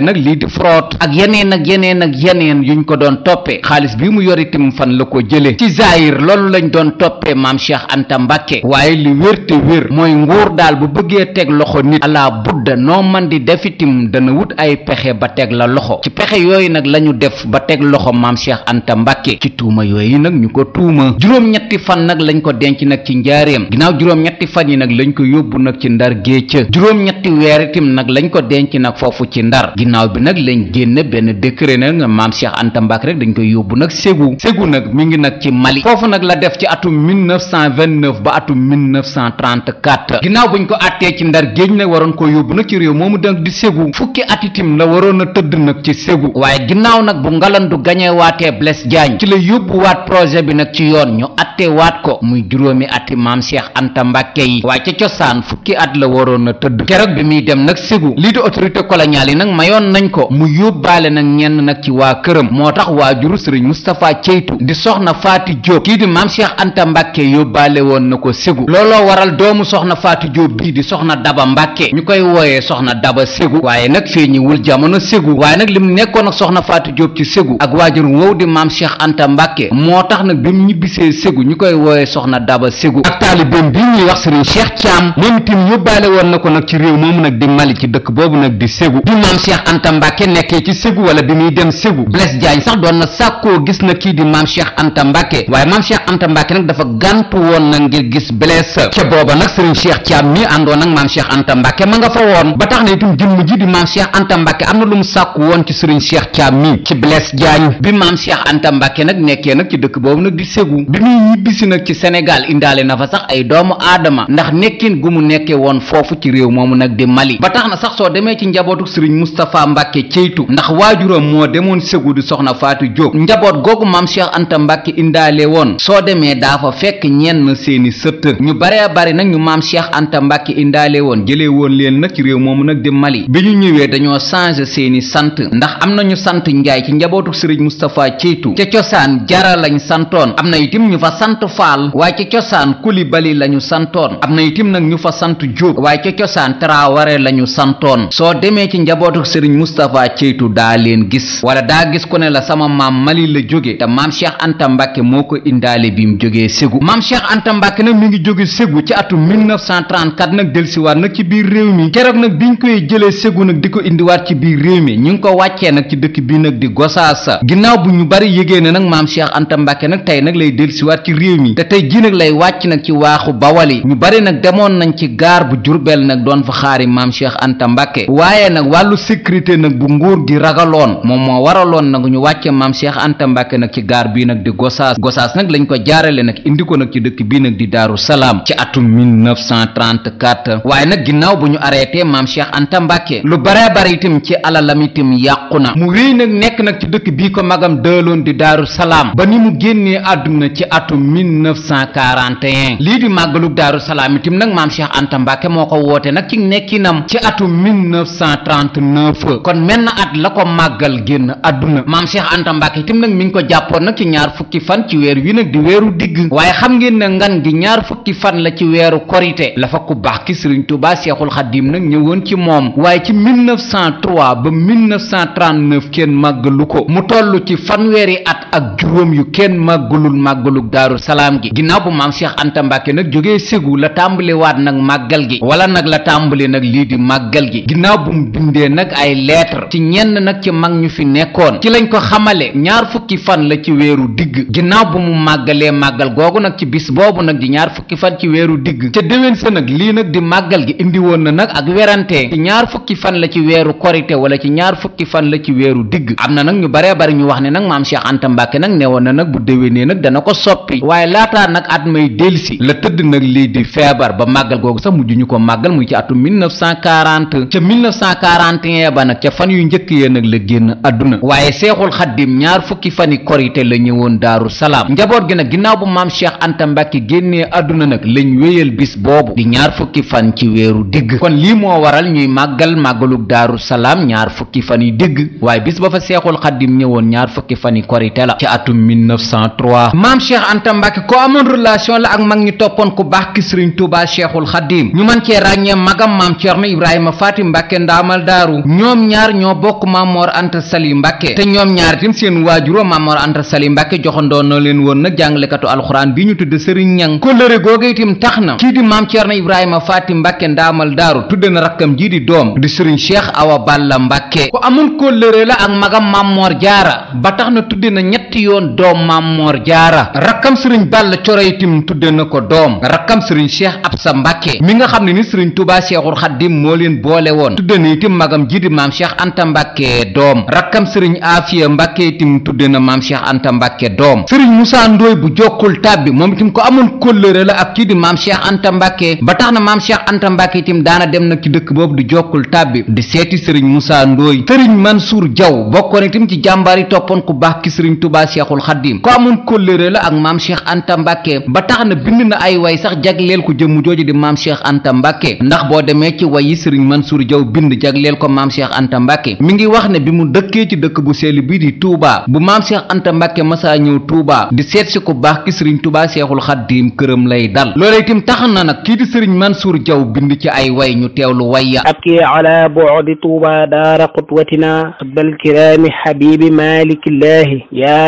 nag lii di fraude ak yeneen ak yeneen ak yeneen yuñ ko doon toppee xaalis bi mu yor itam fan la ko jëlee ci zaayir loolu lañ doon toppee maam Cheikh Anta Mbacke waaye li wér te wér mooy nguur daal bu bëggee teg loxo nit ala budda noo man di def itam dana wut ay pexe ba teg la loxo ci pexe yooyu nag la ñu def ba teg loxo maam Cheikh Anta Mbacke ci tuuma yooyu nag ñu ko tuuma juróom-ñetti fan nag lañ ko denc nag ci njaareem ginnaaw juróom-ñetti fan yi nag lañ ko yóbbu nag ci ndar géej juróom-ñetti nag lañ ko denc nag lañ génn benn décret nag maam Cheikh Anta Mbacke rek dañ koy yóbbu nag Ségou Ségou nag mu ngi nag ci Mali foofu nag la def ci atum 1929 ba atum 1934 ginnaaw buñ ko àttee ci ndar géej ne waroon ko yóbbu nag ci réew moomu donc di Ségou fukki at itam la waroon a tëdd nag ci Ségou waaye ginnaaw nag bu ngalandu gañee waatee Blaise Diagne ci la waat projet bi nag ci yoon ñu attee waat ko muy juróomi ati maam Cheikh Anta Mbacke yi waaye ca cosaan fukki at la waroon a tëdd keroog bi muy dem nag Ségou lii di autorité coloniale ko mu yóbbaale na ñenn nag ci waa këram moo tax waajuru sëriñ Moustapha Ceytu di soxna Faati Jóob kii di maam Cheikh Anta Mbàkke yóbbaale woon na ko ségu looloo waral doomu soxna Faati Jóob bii di soxna Daba Mbàkke ñu koy wooyee soxna Daba ségu waaye nag feeñiwul jamono ségu waaye nag li mu nekkoon ak soxna Faati Jóob ci ségu ak waajur wow di maam Cheikh Anta Mbàkke moo tax nag bi ñibbisee ségu ñu koy wooyee soxna Daba ségu ak taalibeem bi ñuy wax sëriñ Cheikh Thiam moom itam yóbbaale woon na ko nag ci réew moomu nag di Mali ci dëkk boobu nag di ségu di maam Cheikh Anta Mbàkke nekkee ci Ségou wala bi muy dem Ségou Blaise Diagne sax doon na sàkkoo gis na kii di maam Cheikh Anta Mbàkke waaye maam Cheikh Anta Mbàkke nag dafa gantu woon na ngir gis Blaise ca booba nag Serigne Cheikh Thiam mi àndoon ak maam Cheikh Anta Mbàkke ma woon ba tax na itam jëmm ji di maam am na lu woon ci Serigne Cheikh Thiam mi ci Blaise Diagne bi maam Cheikh nag nekkee nag ci dëkk boobu nag di Ségou bi muy ñibbisi nag ci Sénégal indaale na fa sax ay doomu aadama ndax nekkin gu mu nekkee woon foofu ci réew moomu nag di Mali ba tax na sax soo demee ci njabootu Serigne Moustapha Mbàkke mbàkke ceytu ndax waajuram moo demoon sëgudu soxna faatu jóob njaboot googu maam cheikh anta mbàkke indaale woon soo demee daa fa fekk ñenn seeni sët ñu baree bari nag ñu maam cheikh anta mbàkke indaale woon jëlee woon leen nag ci réew moomu nag di mali bi ñu ñëwee dañoo changé seeni sant ndax am nañu sant njaay ci njabootu sëriñ mustapha ceytu ca cosaan jara lañ santoon am na itim ñu fa sant faal waaye ca cosaan kulibali lañu santoon am na itim nag ñu fa sant jóob waaye ca cosaan traaware lañu santoon soo Moustapha Ceytu daa leen gis wala daa gis ku ne la sama maam Mali la jóge te maam Cheikh Anta Mbàkke moo ko indaale bi mu jógee Ségou maam Cheikh Anta Mbàkke nag mi ngi jóge Ségou ci atum 1934 nag delsiwaat nag ci biir réew mi keroog nag ñu koy jële Ségou nag di ko indiwaat ci biir réew mi ñu ngi ko wàccee nag ci dëkk bi nag di Gosaasa ginnaaw bu ñu bari yëgee ne nag maam Cheikh Anta Mbàkke nag tey nag lay delsiwaat ci réew mi te tey ji nag lay wàcc nag ci waaxu Bawal yi ñu bari nag demoon nañ ci gaar bu Jurbel nag doon fa xaari maam Cheikh nag bu nguur gi ragaloon moom moo waraloon nag ñu wàcce maam Cheikh Anta Mbàkke nag ci gaar bii nag di Gosaas Gosaas nag lañ ko jaarale nag indi ko nag ci dëkk bii nag di Daaru Salaam ci atum 1934 waaye nag ginnaaw bu ñu arrêté maam Cheikh Anta Mbàkke lu bare bare itam ci alalam itam yàqu na mu wéy nag nekk nag ci dëkk bii ko magam dëloon di Daaru Salaam ba ni mu génnee àdduna ci atum 1941 lii di màggalu Daaru Salaam itam nag maam Cheikh Anta Mbàkke moo ko woote nag ci nekkinam ci atum 1939 kon menn at la ko màggal génn àdduna maam Cheikh Anta Mbacke itam nag mi ngi ko jàppoon nag ci ñaar fukki fan ci weer wi nag di weeru digg waaye xam ngeen ne ngan gi ñaar fukki fan la ci weeru korite la fa ku baax ki Serigne Touba Cheikhul Khadim nag ñëwoon ci moom waaye ci 1903 ba 1939 kenn màggalu ko mu toll ci fan fanweeri at ak juróom yu kenn màggalul màggalug daaru salaam gi ginnaaw bu maam Cheikh Anta nag jógee Ségou la tàmbaliwaat nag màggal gi wala nag la tàmbali nag lii màggal gi lettre ci ñenn nag ci mag ñu fi nekkoon ci lañ ko xamale ñaar fukki fan la ci weeru digg ginnaaw bu mu màggalee màggal googu nag ci bis boobu nag di ñaar fukki fan ci weeru digg ca déwén sa nag lii nag di màggal gi indiwoon woon na nag ak werantee ci ñaar fukki fan la ci weeru korite wala ci ñaar fukki fan la ci weeru digg am na nag ñu baree bari ñu wax ne nag maam Cheikh Anta Mbacke nag ne woon na nag bu déwénee nag dana ko soppi waaye laataa nag at may delsi la tëdd nag lii di feebar ba màggal googu sax mujj ko màggal muy ca fan yu njëkk yee nag la génn àdduna waaye seexul xaddim ñaar fukki fan fani korite la ñëwoon daaru salaam njaboot gi nag ginnaaw bu maam cheikh anta mbàkke génnee àdduna nag lañ wéyal bis boobu di ñaar fukki fan ci weeru digg kon lii moo waral ñuy màggal màggalug daaru salaam ñaar fukki fan yi digg waaye bis ba fa seexul xaddim ñëwoon ñaar fukki fan yi korite la ci atum 1903 maam cheikh anta mbàkke ko amoon relation la ak mag ñi toppoon ku baax ki sëriñ tuubaa cheikhul xaddim ñu mën cee ràññee ñaar ñoo bokk Mamor Anta Sali Mbàkke te ñoom ñaar itam seen waajuroo Mamor Anta Sali Mbàkke joxandoon na leen woon nag jàngalekatu alxuraan bi ñu tudd Sëriñ Ñang kóllëre googu itam tax na kii di maam Ceerno Ibrahima Faati Mbàkke ndaamal daaru tudde na rakkam ji di doom di Sëriñ Cheikh Awa Balla Mbàkke ku amoon kóllëre la ak magam Mamor Jaara ba tax na tudde na ñett ñetti yoon doom maam moor jaara rakkam sëriñ bàll coro itam tudde na ko doom rakkam sëriñ cheikh sa mbàkke mi nga xam ne ni sëriñ tubaa seexul xaddim moo leen boole woon tudde na itam magam ji di maam cheikh anta mbàkke doom rakkam sëriñ aafiya mbàkke itam tudde na maam cheikh doom sëriñ musaa ndooy bu jokkul tàbbi moom itam ko amoon kóllëre la ak kii di maam cheikh anta mbàkke ba tax na maam cheikh anta mbàkke itam daana dem nag ci dëkk boobu di jokkul tàbbi di seeti sëriñ musaa ndooy sëriñ mansuur jaw bokkoon Tuubaa Seexul Xaddiim ko amoon kóllëre la ak maam Cheikh Anta Mbàkke ba tax na bind na ay way sax jagleel ko jëmm jooju di maam Cheikh Anta Mbàkke ndax boo demee ci way yi Sëriñ Mansuur Jaw bind jagleel ko maam Cheikh Anta Mbàkke mi ngi wax ne bi mu dëkkee ci dëkk bu sell bi di Tuubaa bu maam Cheikh Anta Mbàkke masaa ñëw Tuubaa di seet si ku baax ki Sëriñ Tuubaa Seexul Xaddiim këram lay dal loola itam tax na nag kii di Sëriñ Mansuur Jaw bind ci ay way ñu teewlu way ya abki ala bu'di Tuubaa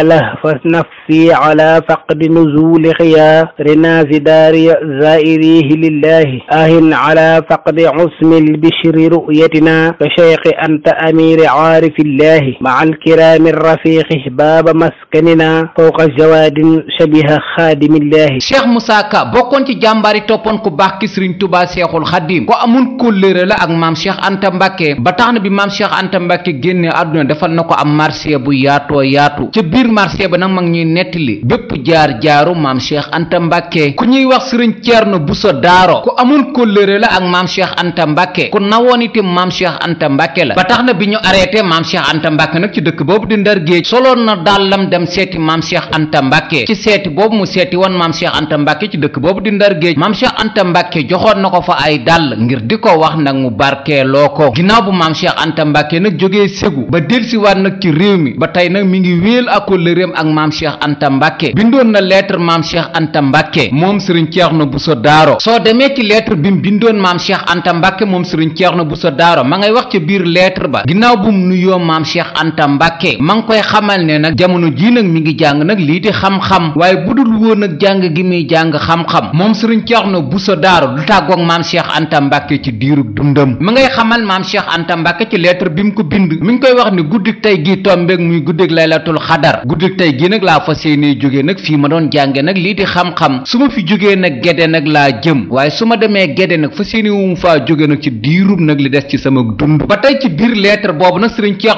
لهفة نفسي على فقد نزول خيا رنا زداري زائريه لله آه على فقد عصم البشر رؤيتنا فشيخ أنت أمير عارف الله مع الكرام الرفيق باب مسكننا فوق الجواد شبه خادم الله Cheikh Moussa Ka bokkoon ci jàmbaar yi toppoon ku baax ki Serigne Touba Cheikhul Khadim ko amun kóllëre la ak maam Cheikh Anta Mbacke ba tax na bi maam Cheikh Anta Mbacke génne àdduna defal na ko am marché bu yaatoo yaatu ca biir marché ba nag mag ñuy nettali bépp jaar jaaru maam cheikh anta mbàkke ku ñuy wax na bu buso daaro ku amoon kóllëre la ak maam cheikh anta mbàkke ku nawoon itam maam cheikh anta mbàkke la ba tax na bi ñu arrêté maam cheikh anta ci dëkk boobu di ndar soloon na dàllam dem seeti maam cheikh anta mbàkke seeti boobu mu seeti woon maam cheikh anta mbàkke ci dëkk boobu di ndar géej maam cheikh anta mbàkke joxoon na ko fa ay dàll ngir di ko wax nag mu barkeeloo ko ginnaaw bu maam cheikh anta mbàkke nag jógee ségu ba delsiwaat nag ci réew mi ba tey nag mi ngi wéel ak kóllëreem ak maam cheikh anta mbàkke bindoon na lettre maam cheikh anta mbàkke moom sëriñ ceerno buso daaro soo demee ci lettre bi mu bindoon maam cheikh anta mbàkke moom sëriñ ceerno buso daaro ma ngay wax ca biir lettre ba ginnaaw bu mu nuyoo maam cheikh anta mbàkke ma ngi koy xamal ne nag jamono ji nag mi ngi jàng nag lii di xam-xam waaye bu dul woon nag jàng gi muy jàng xam-xam moom sëriñ ceerno buso daaro du tàggoog maam cheikh anta mbàkke ci diirub dundam ma ngay xamal maam cheikh anta ci lettre bi mu ko bind mi ngi koy wax ni guddik tey gi tombeeg muy guddik laylatul xadar guddik tey gi nag laa fas yéenee jóge nag fii ma doon jànge nag lii di xam-xam su ma fi jógee nag gede nag laa jëm waaye su ma demee gede nag fa yéene wu faa jóge nag ci diirub nag li des ci sama dund ba tey ci biir lettre boobu nag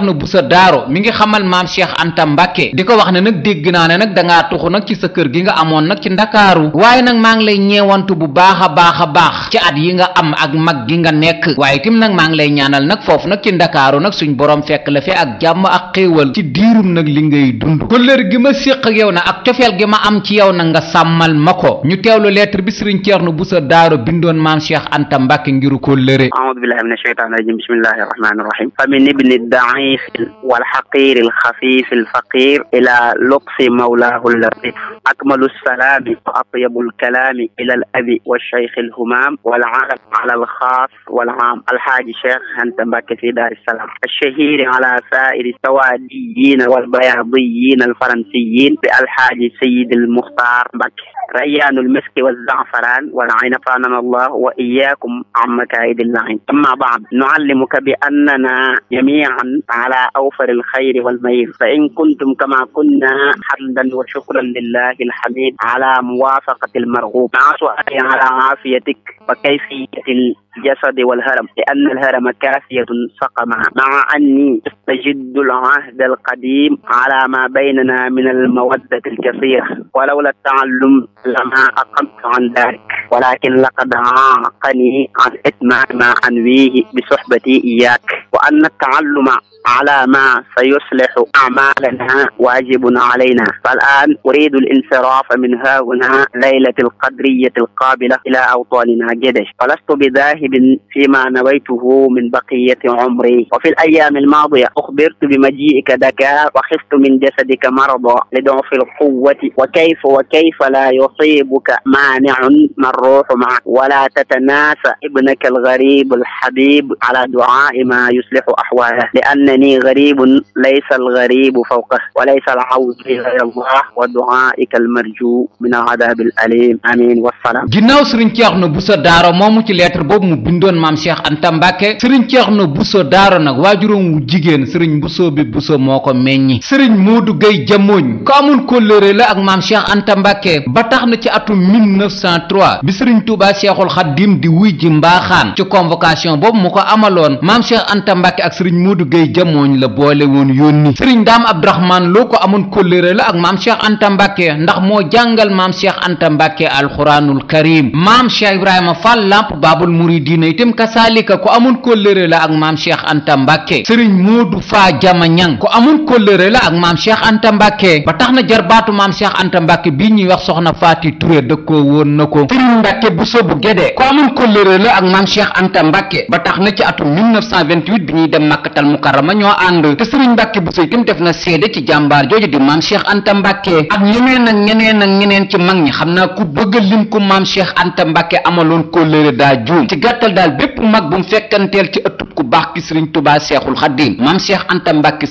na bu sa Daaro mi ngi xamal maam Cheikh Anta Mbàkke di ko wax ne nag dégg naa ne nag dangaa tuxu nag ci sa kër gi nga amoon nag ci ndakaaru waaye nag maa ngi lay ñeewantu bu baax a baax a baax ci at yi nga am ak mag gi nga nekk waaye itam nag maa ngi lay ñaanal nag foofu nag ci ndakaaru nag suñ borom fekk la fi ak jàmm ak xéewal ci diirum nag li ngay dund kóllër gi ma séq ak yow na ak cofeel gi ma am ci yow na nga sàmmal ma ko ñu teewlu lettre bi sëriñ Ceerno Buso Daaro bindoon maam Cheikh Anta Mbàkke ngiru kóllëre aoudu billahi min asheytan rajim bismillahi rahmani rahim fa min ibni daifin walxaqiri alxafifi alfaqir ila lutfi mawlahu latif akmalu salaami wa atyabu alkalaami ila al abi wa cheikh alhumaam waalalam ala alxaas walaam alxaaji Cheikh Anta Mbàkke fi daari salaam alchahiri ala sairi sawaadiyiina walbayaadiyiina الأصليين الفرنسيين بالحاج سيد المختار مكي ريان المسك والزعفران والعين أطعمنا الله وإياكم عن مكائد اللعين أما بعد نعلمك بأننا جميعا على أوفر الخير والميل فإن كنتم كما كنا حمدا وشكرا لله الحميد على موافقة المرغوب مع سؤالي على عافيتك وكيفية الجسد والهرم لأن الهرم كافية سقمها مع أني أستجد العهد القديم على ما baynana min almawaddati alkasira walawla taallum lama aqamtu an dalik walakin laqad aaqani an itmaami ma anwihi bi sohbati iyaak wa anna taalluma على ما سيصلح أعمالنا واجب علينا فالآن أريد الانصراف من ها هنا ليلة القدرية القابلة إلى أوطاننا جدش فلست بذاهب فيما نويته من بقية عمري وفي الأيام الماضية أخبرت بمجيئك دكار وخفت من جسد مرضك مرضا لضعف القوة وكيف وكيف لا يصيبك مانع من الروح معك ولا تتناسى ابنك الغريب الحبيب على دعاء ما يصلح أحواله لأنني غريب ليس الغريب فوقه وليس العوز غير الله ودعائك المرجو من العذاب الأليم آمين والسلام ginnaaw sëriñ Ceerno Buso Daaro moomu ci lettre boobu mu bindoon maam Cheikh Anta Mbàkke sëriñ Ceerno Buso Daaro nag waajuróom wu jigéen sëriñ Buso bi Buso moo ko meññi sëriñ Moodu Gueye Jamooñ ko amoon kóllëre la ak maam Cheikh Anta Mbàkke ba tax na ci atum 1903 bi sëriñ Tuubaa xat dim di wuy ji mbaaxaan ci convocation boobu mu ko amaloon maam Cheikh Anta Mbàkke ak sëriñ Modou Gueye Jamooñ la boole woon yónni sëriñ Daam Abdourahmane Lo ko amoon kóllëre la ak maam Cheikh Anta Mbàkke ndax moo jàngal maam Cheikh Anta Mbàkke alxuraanul karim maam Cheikh Ibrahima Fall Lamp Baabul Muridiina itam kasaalika ko amoon kóllëre la ak maam Cheikh Anta Mbàkke sëriñ Modou Jama Ñang ko amoon kóllëre la ak maam Anta Mbàkke ba tax na jarbaatu maam Cheikh Anta Mbàkke bii ñuy wax soxna Faati Touré dëkkoo woon na ko Serigne Mbàkke Bousso bu Gédé ko amoon kóllëre la ak maam Cheikh Anta ba tax na ci atum 1928 bi ñuy dem Makkatal Mukarrama ñoo ànd te Serigne Mbàkke Bousso itam def na seede ci jàmbaar jooju di maam Cheikh Anta Mbàkke ak ñeneen ak ñeneen ak ñeneen ci mag ñi xam na ku bëgg lim ku maam Cheikh antambake Mbàkke amaloon kóllëre daa juum ci gàttal daal bépp mag bu mu ci ëttub ku baax ki Serigne Touba Seexul Xadiim maam Cheikh Anta Mbàkke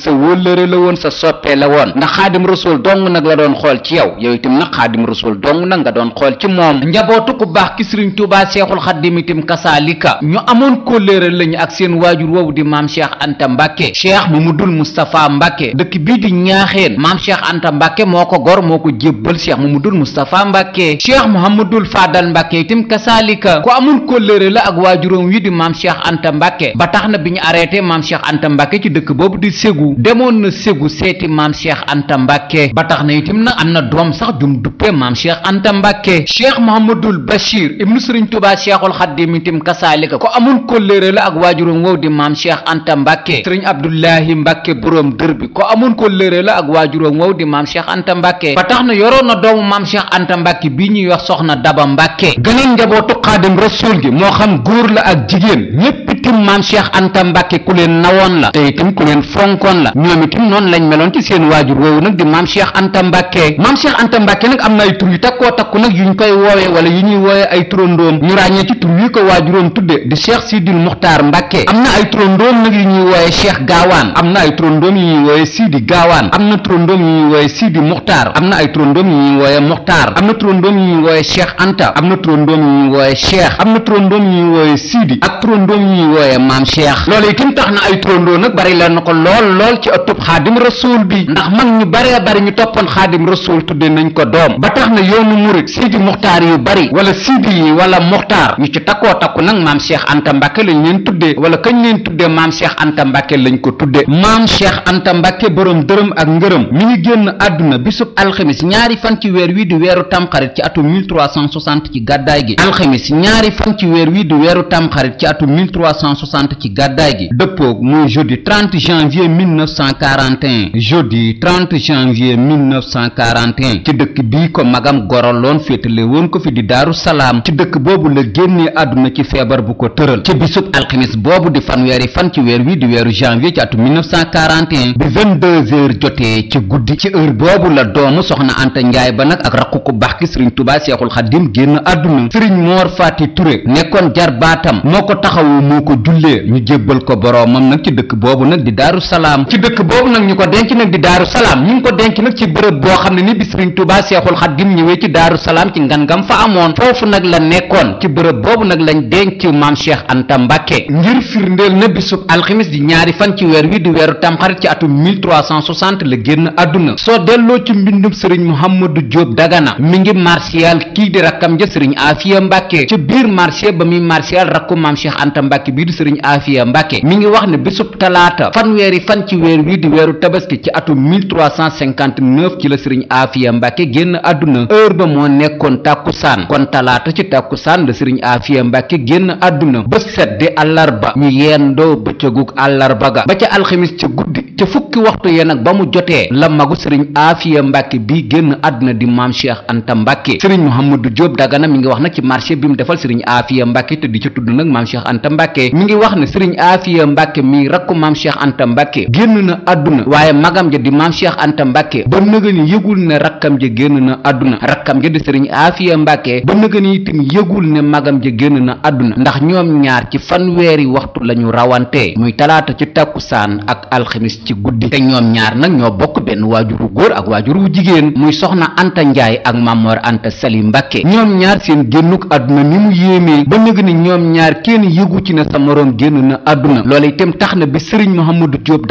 yoon ndax xaadim rasul dong nag la doon xool ci yow yow itam nag xaadim rasul dong nag nga doon xool ci moom njabootu ku baax ki sëriñ Tuubaa seexul xaadim itam kasaalika ñu amoon kóllëre lañu ak seen waajur woowu di maam cheikh anta mbàkke cheikh mamadul moustapha mbàkke dëkk bii di ñaaxeen maam cheikh anta mbàkke moo ko gor moo ko jébbal cheikh mamadul moustapha mbàkke cheikh mouhamadul fadal mbàkke itam kasaalika ku amoon kóllëre la ak waajuróom wi di maam cheikh anta mbàkke ba tax na bi ñu arrêté maam cheikh anta mbàkke ci dëkk boobu di cheikh anta mbàkke ba tax na itam nag am na doom sax jum duppee maam cheikh anta mbàkke cheikh mohamadul bachir ibnu sëriñ tubaa cheikhul xaddim itam kasaalika ko amun kóllëre la ak waajuram wow di maam cheikh anta mbàkke sëriñ abdullahi mbàkke boroom dër bi ko amun kóllëre la ak waajuram wow di maam cheikh anta mbàkke ba tax na yoroon na doomu maam cheikh anta mbàkke bii ñuy wax soxna daba mbàkke gënoon njabootu xaadim rasul gi moo xam góor la ak jigéen ñépp itam maam cheikh anta mbàkke ku leen nawoon la te itam ku leen fonkoon la ñoom itam noonu lañ meloon ci seen waajur waajur woowu nag di maam Cheikh Anta Mbacke maam Cheikh Anta Mbacke nag am na ay tur yu takkoo takku nag yu ñu koy woowee wala yu ñuy woowee ay turandoom ñu ràññee ci tur yi ko waajuroom tudde di Cheikh Sidil Muxtaar Mbacke am na ay turandoom nag yu ñuy wooyee Cheikh Gaawaan am na ay turandoom yu ñuy wooyee Sidi Gaawaan am na turandoom yu ñuy wooyee Sidi am na ay turandoom yu ñuy wooyee Muxtaar am na turandoom am na turandoom yu ñuy wooyee Cheikh am na turandoom yu ñuy wooyee Sidi ak turandoom yu ñuy wooyee maam Cheikh loolu mag ñu baree bari ñu toppoon xaadim rasul tudde nañ ko doom ba tax na yoonu murit siidi muxtaar yu bari wala siidi yi wala muxtaar ñu ci takkoo takku nag maam cheikh anta mbàkke lañ leen tuddee wala kañ leen tuddee maam cheikh anta lañ ko tudde maam cheikh anta mbàkke boroom dërëm ak ngërëm mi ngi génn àdduna bisub alxamis ñaari fan ci weer wi di weeru tamxarit ci atum 1360 ci gàddaay gi alxamis ñaari fan ci weer wi di weeru tamxarit ci atum 1360 ci gàddaay gi dëppoog muy jeudi 30 janvier 1941 jeudi di 30 janvier 1941 ci dëkk bii ko magam goroloon féetale woon ko fi di daaru salaam ci dëkk boobu la génnee àdduna ci feebar bu ko tëral ci bisub alxamis boobu di fanweeri fan ci weer wi di weeru janvier ci atu 1941 bi 22 heures jotee ci guddi ci heure boobu la doomu soxna Anta ba nag ak rakku ku baax ki sëriñ Tuubaa Seexul Xadiim génn àdduna sëriñ Moor Faati Ture nekkoon jarbaatam moo ko taxawu moo ko jullee ñu jébbal ko boroomam nag ci dëkk boobu ci dëkk boobu nag di daaru daaru salaam ngi ko denc nag ci bërëb boo xam ne ni bi sëriñ tubaa seexul xaadim ñëwee ci daaru salaam ci ngan gam fa amoon foofu nag la nekkoon ci bërëb boobu nag lañ denc maam cheikh anta mbàkke ngir firndeel na bisub alxamis di ñaari fan ci weer wi di weeru tamxarit ci atum 1360 la génn àdduna soo delloo ci mbindum sëriñ mouhamadou jóob dagana mi ngi martial kii di rakkam ja sëriñ afiya mbàkke ci biir marché ba muy martial rakku maam cheikh anta mbàkke bii di sëriñ afiya mbàkke mi ngi wax ne bisub talaata fanweeri fan ci weer wi di weeru tabaski ci atum 1359 ci la sëriñ Afia Mbacke génn àdduna heure ba moo nekkoon tàkkusaan kon talaata ci tàkkusaan la sëriñ Afia Mbacke génn àdduna bés set di àllarba ñu yendoo bëccëgug àllarba ga ba ca alxamis ca guddi ca fukki waxtu yee nag ba mu jotee la magu sëriñ Afia Mbacke bii génn àdduna di maam Cheikh Anta Mbacke sëriñ Mouhamadou Diop Dagana mi ngi wax na ci marché bi mu defal sëriñ Afia Mbacke te di ca tudd nag maam Cheikh Anta Mbacke mi ngi wax ne sëriñ Afia Mbacke mi rakku maam Anta Mbacke maam cheikh anta mbàkke ba nëga ni yëgul ne rakkam ja génn na àdduna rakkam ja di sëriñ aafiya mbàkke ba nëga ni itam yëgul ne magam ja génn na àdduna ndax ñoom ñaar ci fanweeri waxtu lañu rawante muy talaata ci takkusaan ak alxamis ci guddi te ñoom ñaar nag ñoo bokk benn waajur wu góor ak waajur wu jigéen muy soxna anta njaay ak mamor anta sali mbàkke ñoom ñaar seen génnuk àdduna mi mu yéemee ba nëga ni ñoom ñaar kenn yëgu ci na sa moroom génn na àdduna loola tax na bi sëriñ mohamadou diop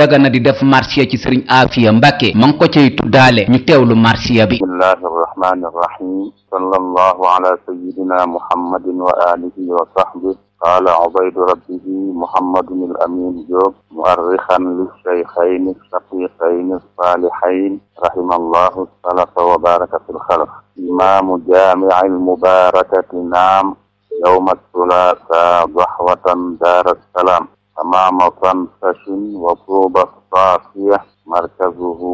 ci sëriñ aafiya Mbàkke ma ngi ko cay tuddaale ñu teewlu marsiya bi bismillahi arrahmani arrahim sallallahu ala sayidina muhammadin wa alihi wa sahbihi قال عبيد ربه محمد الأمين جوب مؤرخا للشيخين الشقيقين الصالحين رحم الله السلف وبارك في الخلق إمام جامع المباركة نام يوم الثلاثاء ضحوة دار السلام أمام طنطش وطوبى الصافية markazuhu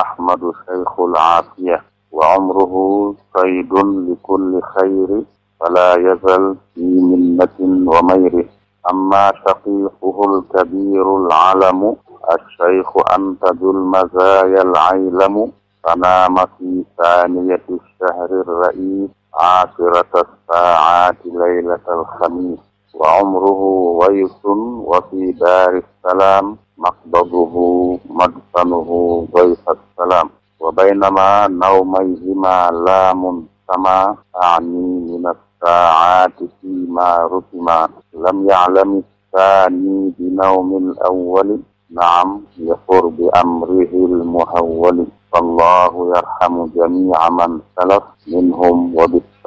ahmadu sheykhul aafiya wa umruhu saydun li kulli xayri fala yazal fi minnatin wa mayri amma shaqiquhu alkabiru alaalamu alsheykhu antaju almazaya alaylamu fanaama fi saniyati alshahri alrais aasirata alsaaati laylata alxamis wa umruhu waysun wa fi daari salaam maqbaduhu madfanuhu dayfa salaam wa baynama nawmayhima laamun sama ani min assaa'aati fiima rutuma lam ya'lam الثاني بنوم الأول نعم يفر بأمره المهول فالله يرحم جميع من سلف منهم وبالتالي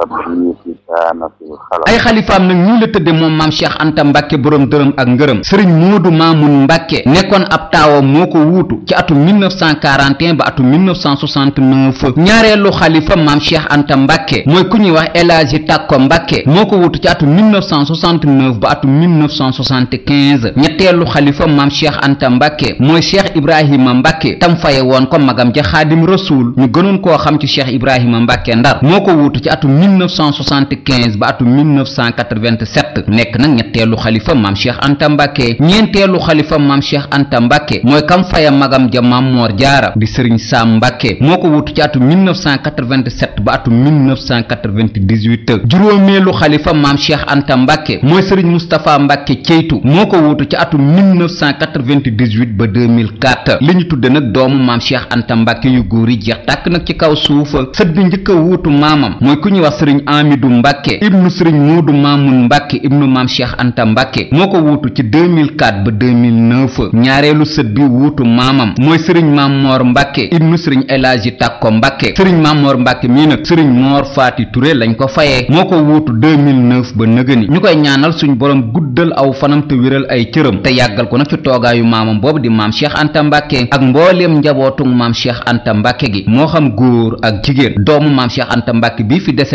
ay xalifaam nag ñu la tëdde moom maam cheikh anta mbàkke boroom dërëm ak ngërëm sëriñ moodu maamun mbàkke nekkoon ab taawam moo ko wuutu ci atum 1941 ba atum 1969 ñaareelu xalifa maam cheikh anta mbàkke mooy ñuy wax elaaji tàkko mbàkke moo ko wuutu ci atum 1969 ba atum 1975 ñetteelu xalifa maam cheikh anta mbàkke mooy cheikh ibrahima mbàkke tam faye woon ko magam ja xaadim rasuul ñu gënoon koo xam ci cheikh ibrahima mbàkke ndar moo ko wuutu ci atum 1975 ba atum 1987 nekk nag ñetteelu xalifa maam Cheikh Anta Mbacke ñeenteelu xalifa maam Cheikh Anta Mbacke mooy kam faya magam ja maam Mor Jaara di Serigne Sam Mbacke moo ko wutu ci atum 1987 ba atum 1998 juróomeelu xalifa maam Cheikh Anta Mbacke mooy Serigne Moustapha Mbacke Ceytu moo ko wutu ci atum 1998 ba 2004 li ñu tudde nag doomu maam Cheikh Anta Mbacke yu góor yi jeex tàkk nag ci kaw suufa sët njëkk a wuutu maamam mooy ku ñuy sëriñ amidu mbàkke ibnu sëriñ muudu maamun mbàkke ibnu maam cheikh anta mbàkke moo ko wuutu ci 2004 ba 2009 ñaareelu sët bi wuutu maamam mooy sëriñ maam moor mbàkke ibnu sëriñ elaaji tàkko mbàkke sëriñ maam moor mbàkke mii nag sëriñ moor faati ture lañ ko fayee moo ko wuutu 2009 ba nëgëni ñu koy ñaanal suñu boroom guddal aw fanam te wéral ay cëram te yàggal ko nag ci toogaayu maamam boobu di maam cheikh anta mbàkke ak mbooleem njabootug maam cheikh anta mbàkke gi moo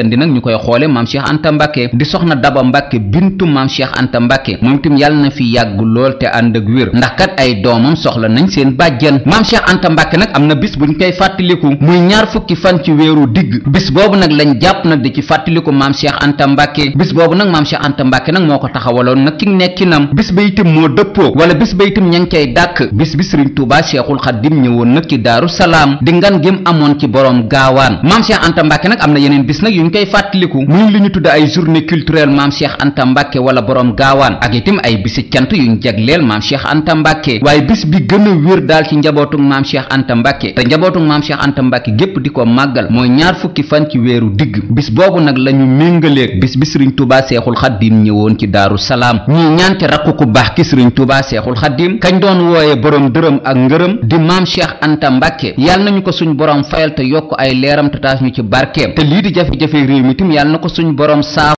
andi nag ñu koy xoole maam cheikh anta mbàkke di soxna daba mbàkke bintu maam cheikh anta mbàkke moom itam yàlla na fi yàgg lool te ànd ak wér ndax kat ay doomam soxla nañ seen bàjjen maam cheikh anta mbàkke nag am na bis ñu koy fàttaliku muy ñaar fukki fan ci weeru digg bis boobu nag lañ jàpp na di ci fàttaliku maam cheikh anta mbàkke bis boobu nag maam cheikh anta mbàkke nag moo ko taxawaloon nag ki nekki nekkinam bis ba itam moo dëppoo wala bis ba itam ña ngi cay dàkk bis bi sëriñ tuubaa cheikhul xadim ñëwoon nag ci daaru salaam di ngan gém amoon ci boroom gaawaan maam cheikh anta am na yeneen bis nag yuñ koy fàttaliku muy li ñu tudde ay journée culturelle maam Cheikh Anta Mbàkke wala borom gaawaan ak itam ay bisi cant yuñ jagleel maam Cheikh Anta Mbàkke waaye bis bi gën a wér daal ci njabootug maam Cheikh Anta Mbàkke te njabootug maam Cheikh gépp di ko màggal mooy ñaar fukki fan ci weeru digg bis boobu nag la ñu méngaleeg bis bi sëriñ Tuubaa Seexul Xaddiim ñëwoon ci Daaru Salaam ñuy ñaan ci rakku ku baax ki sëriñ Tuubaa Seexul Xaddiim kañ doon wooye borom dërëm ak ngërëm di maam Cheikh Anta Mbàkke yàlla nañu ko suñ borom fayal yokk ay leeram ci barkeem réew mi tim yàlla na ko borom saa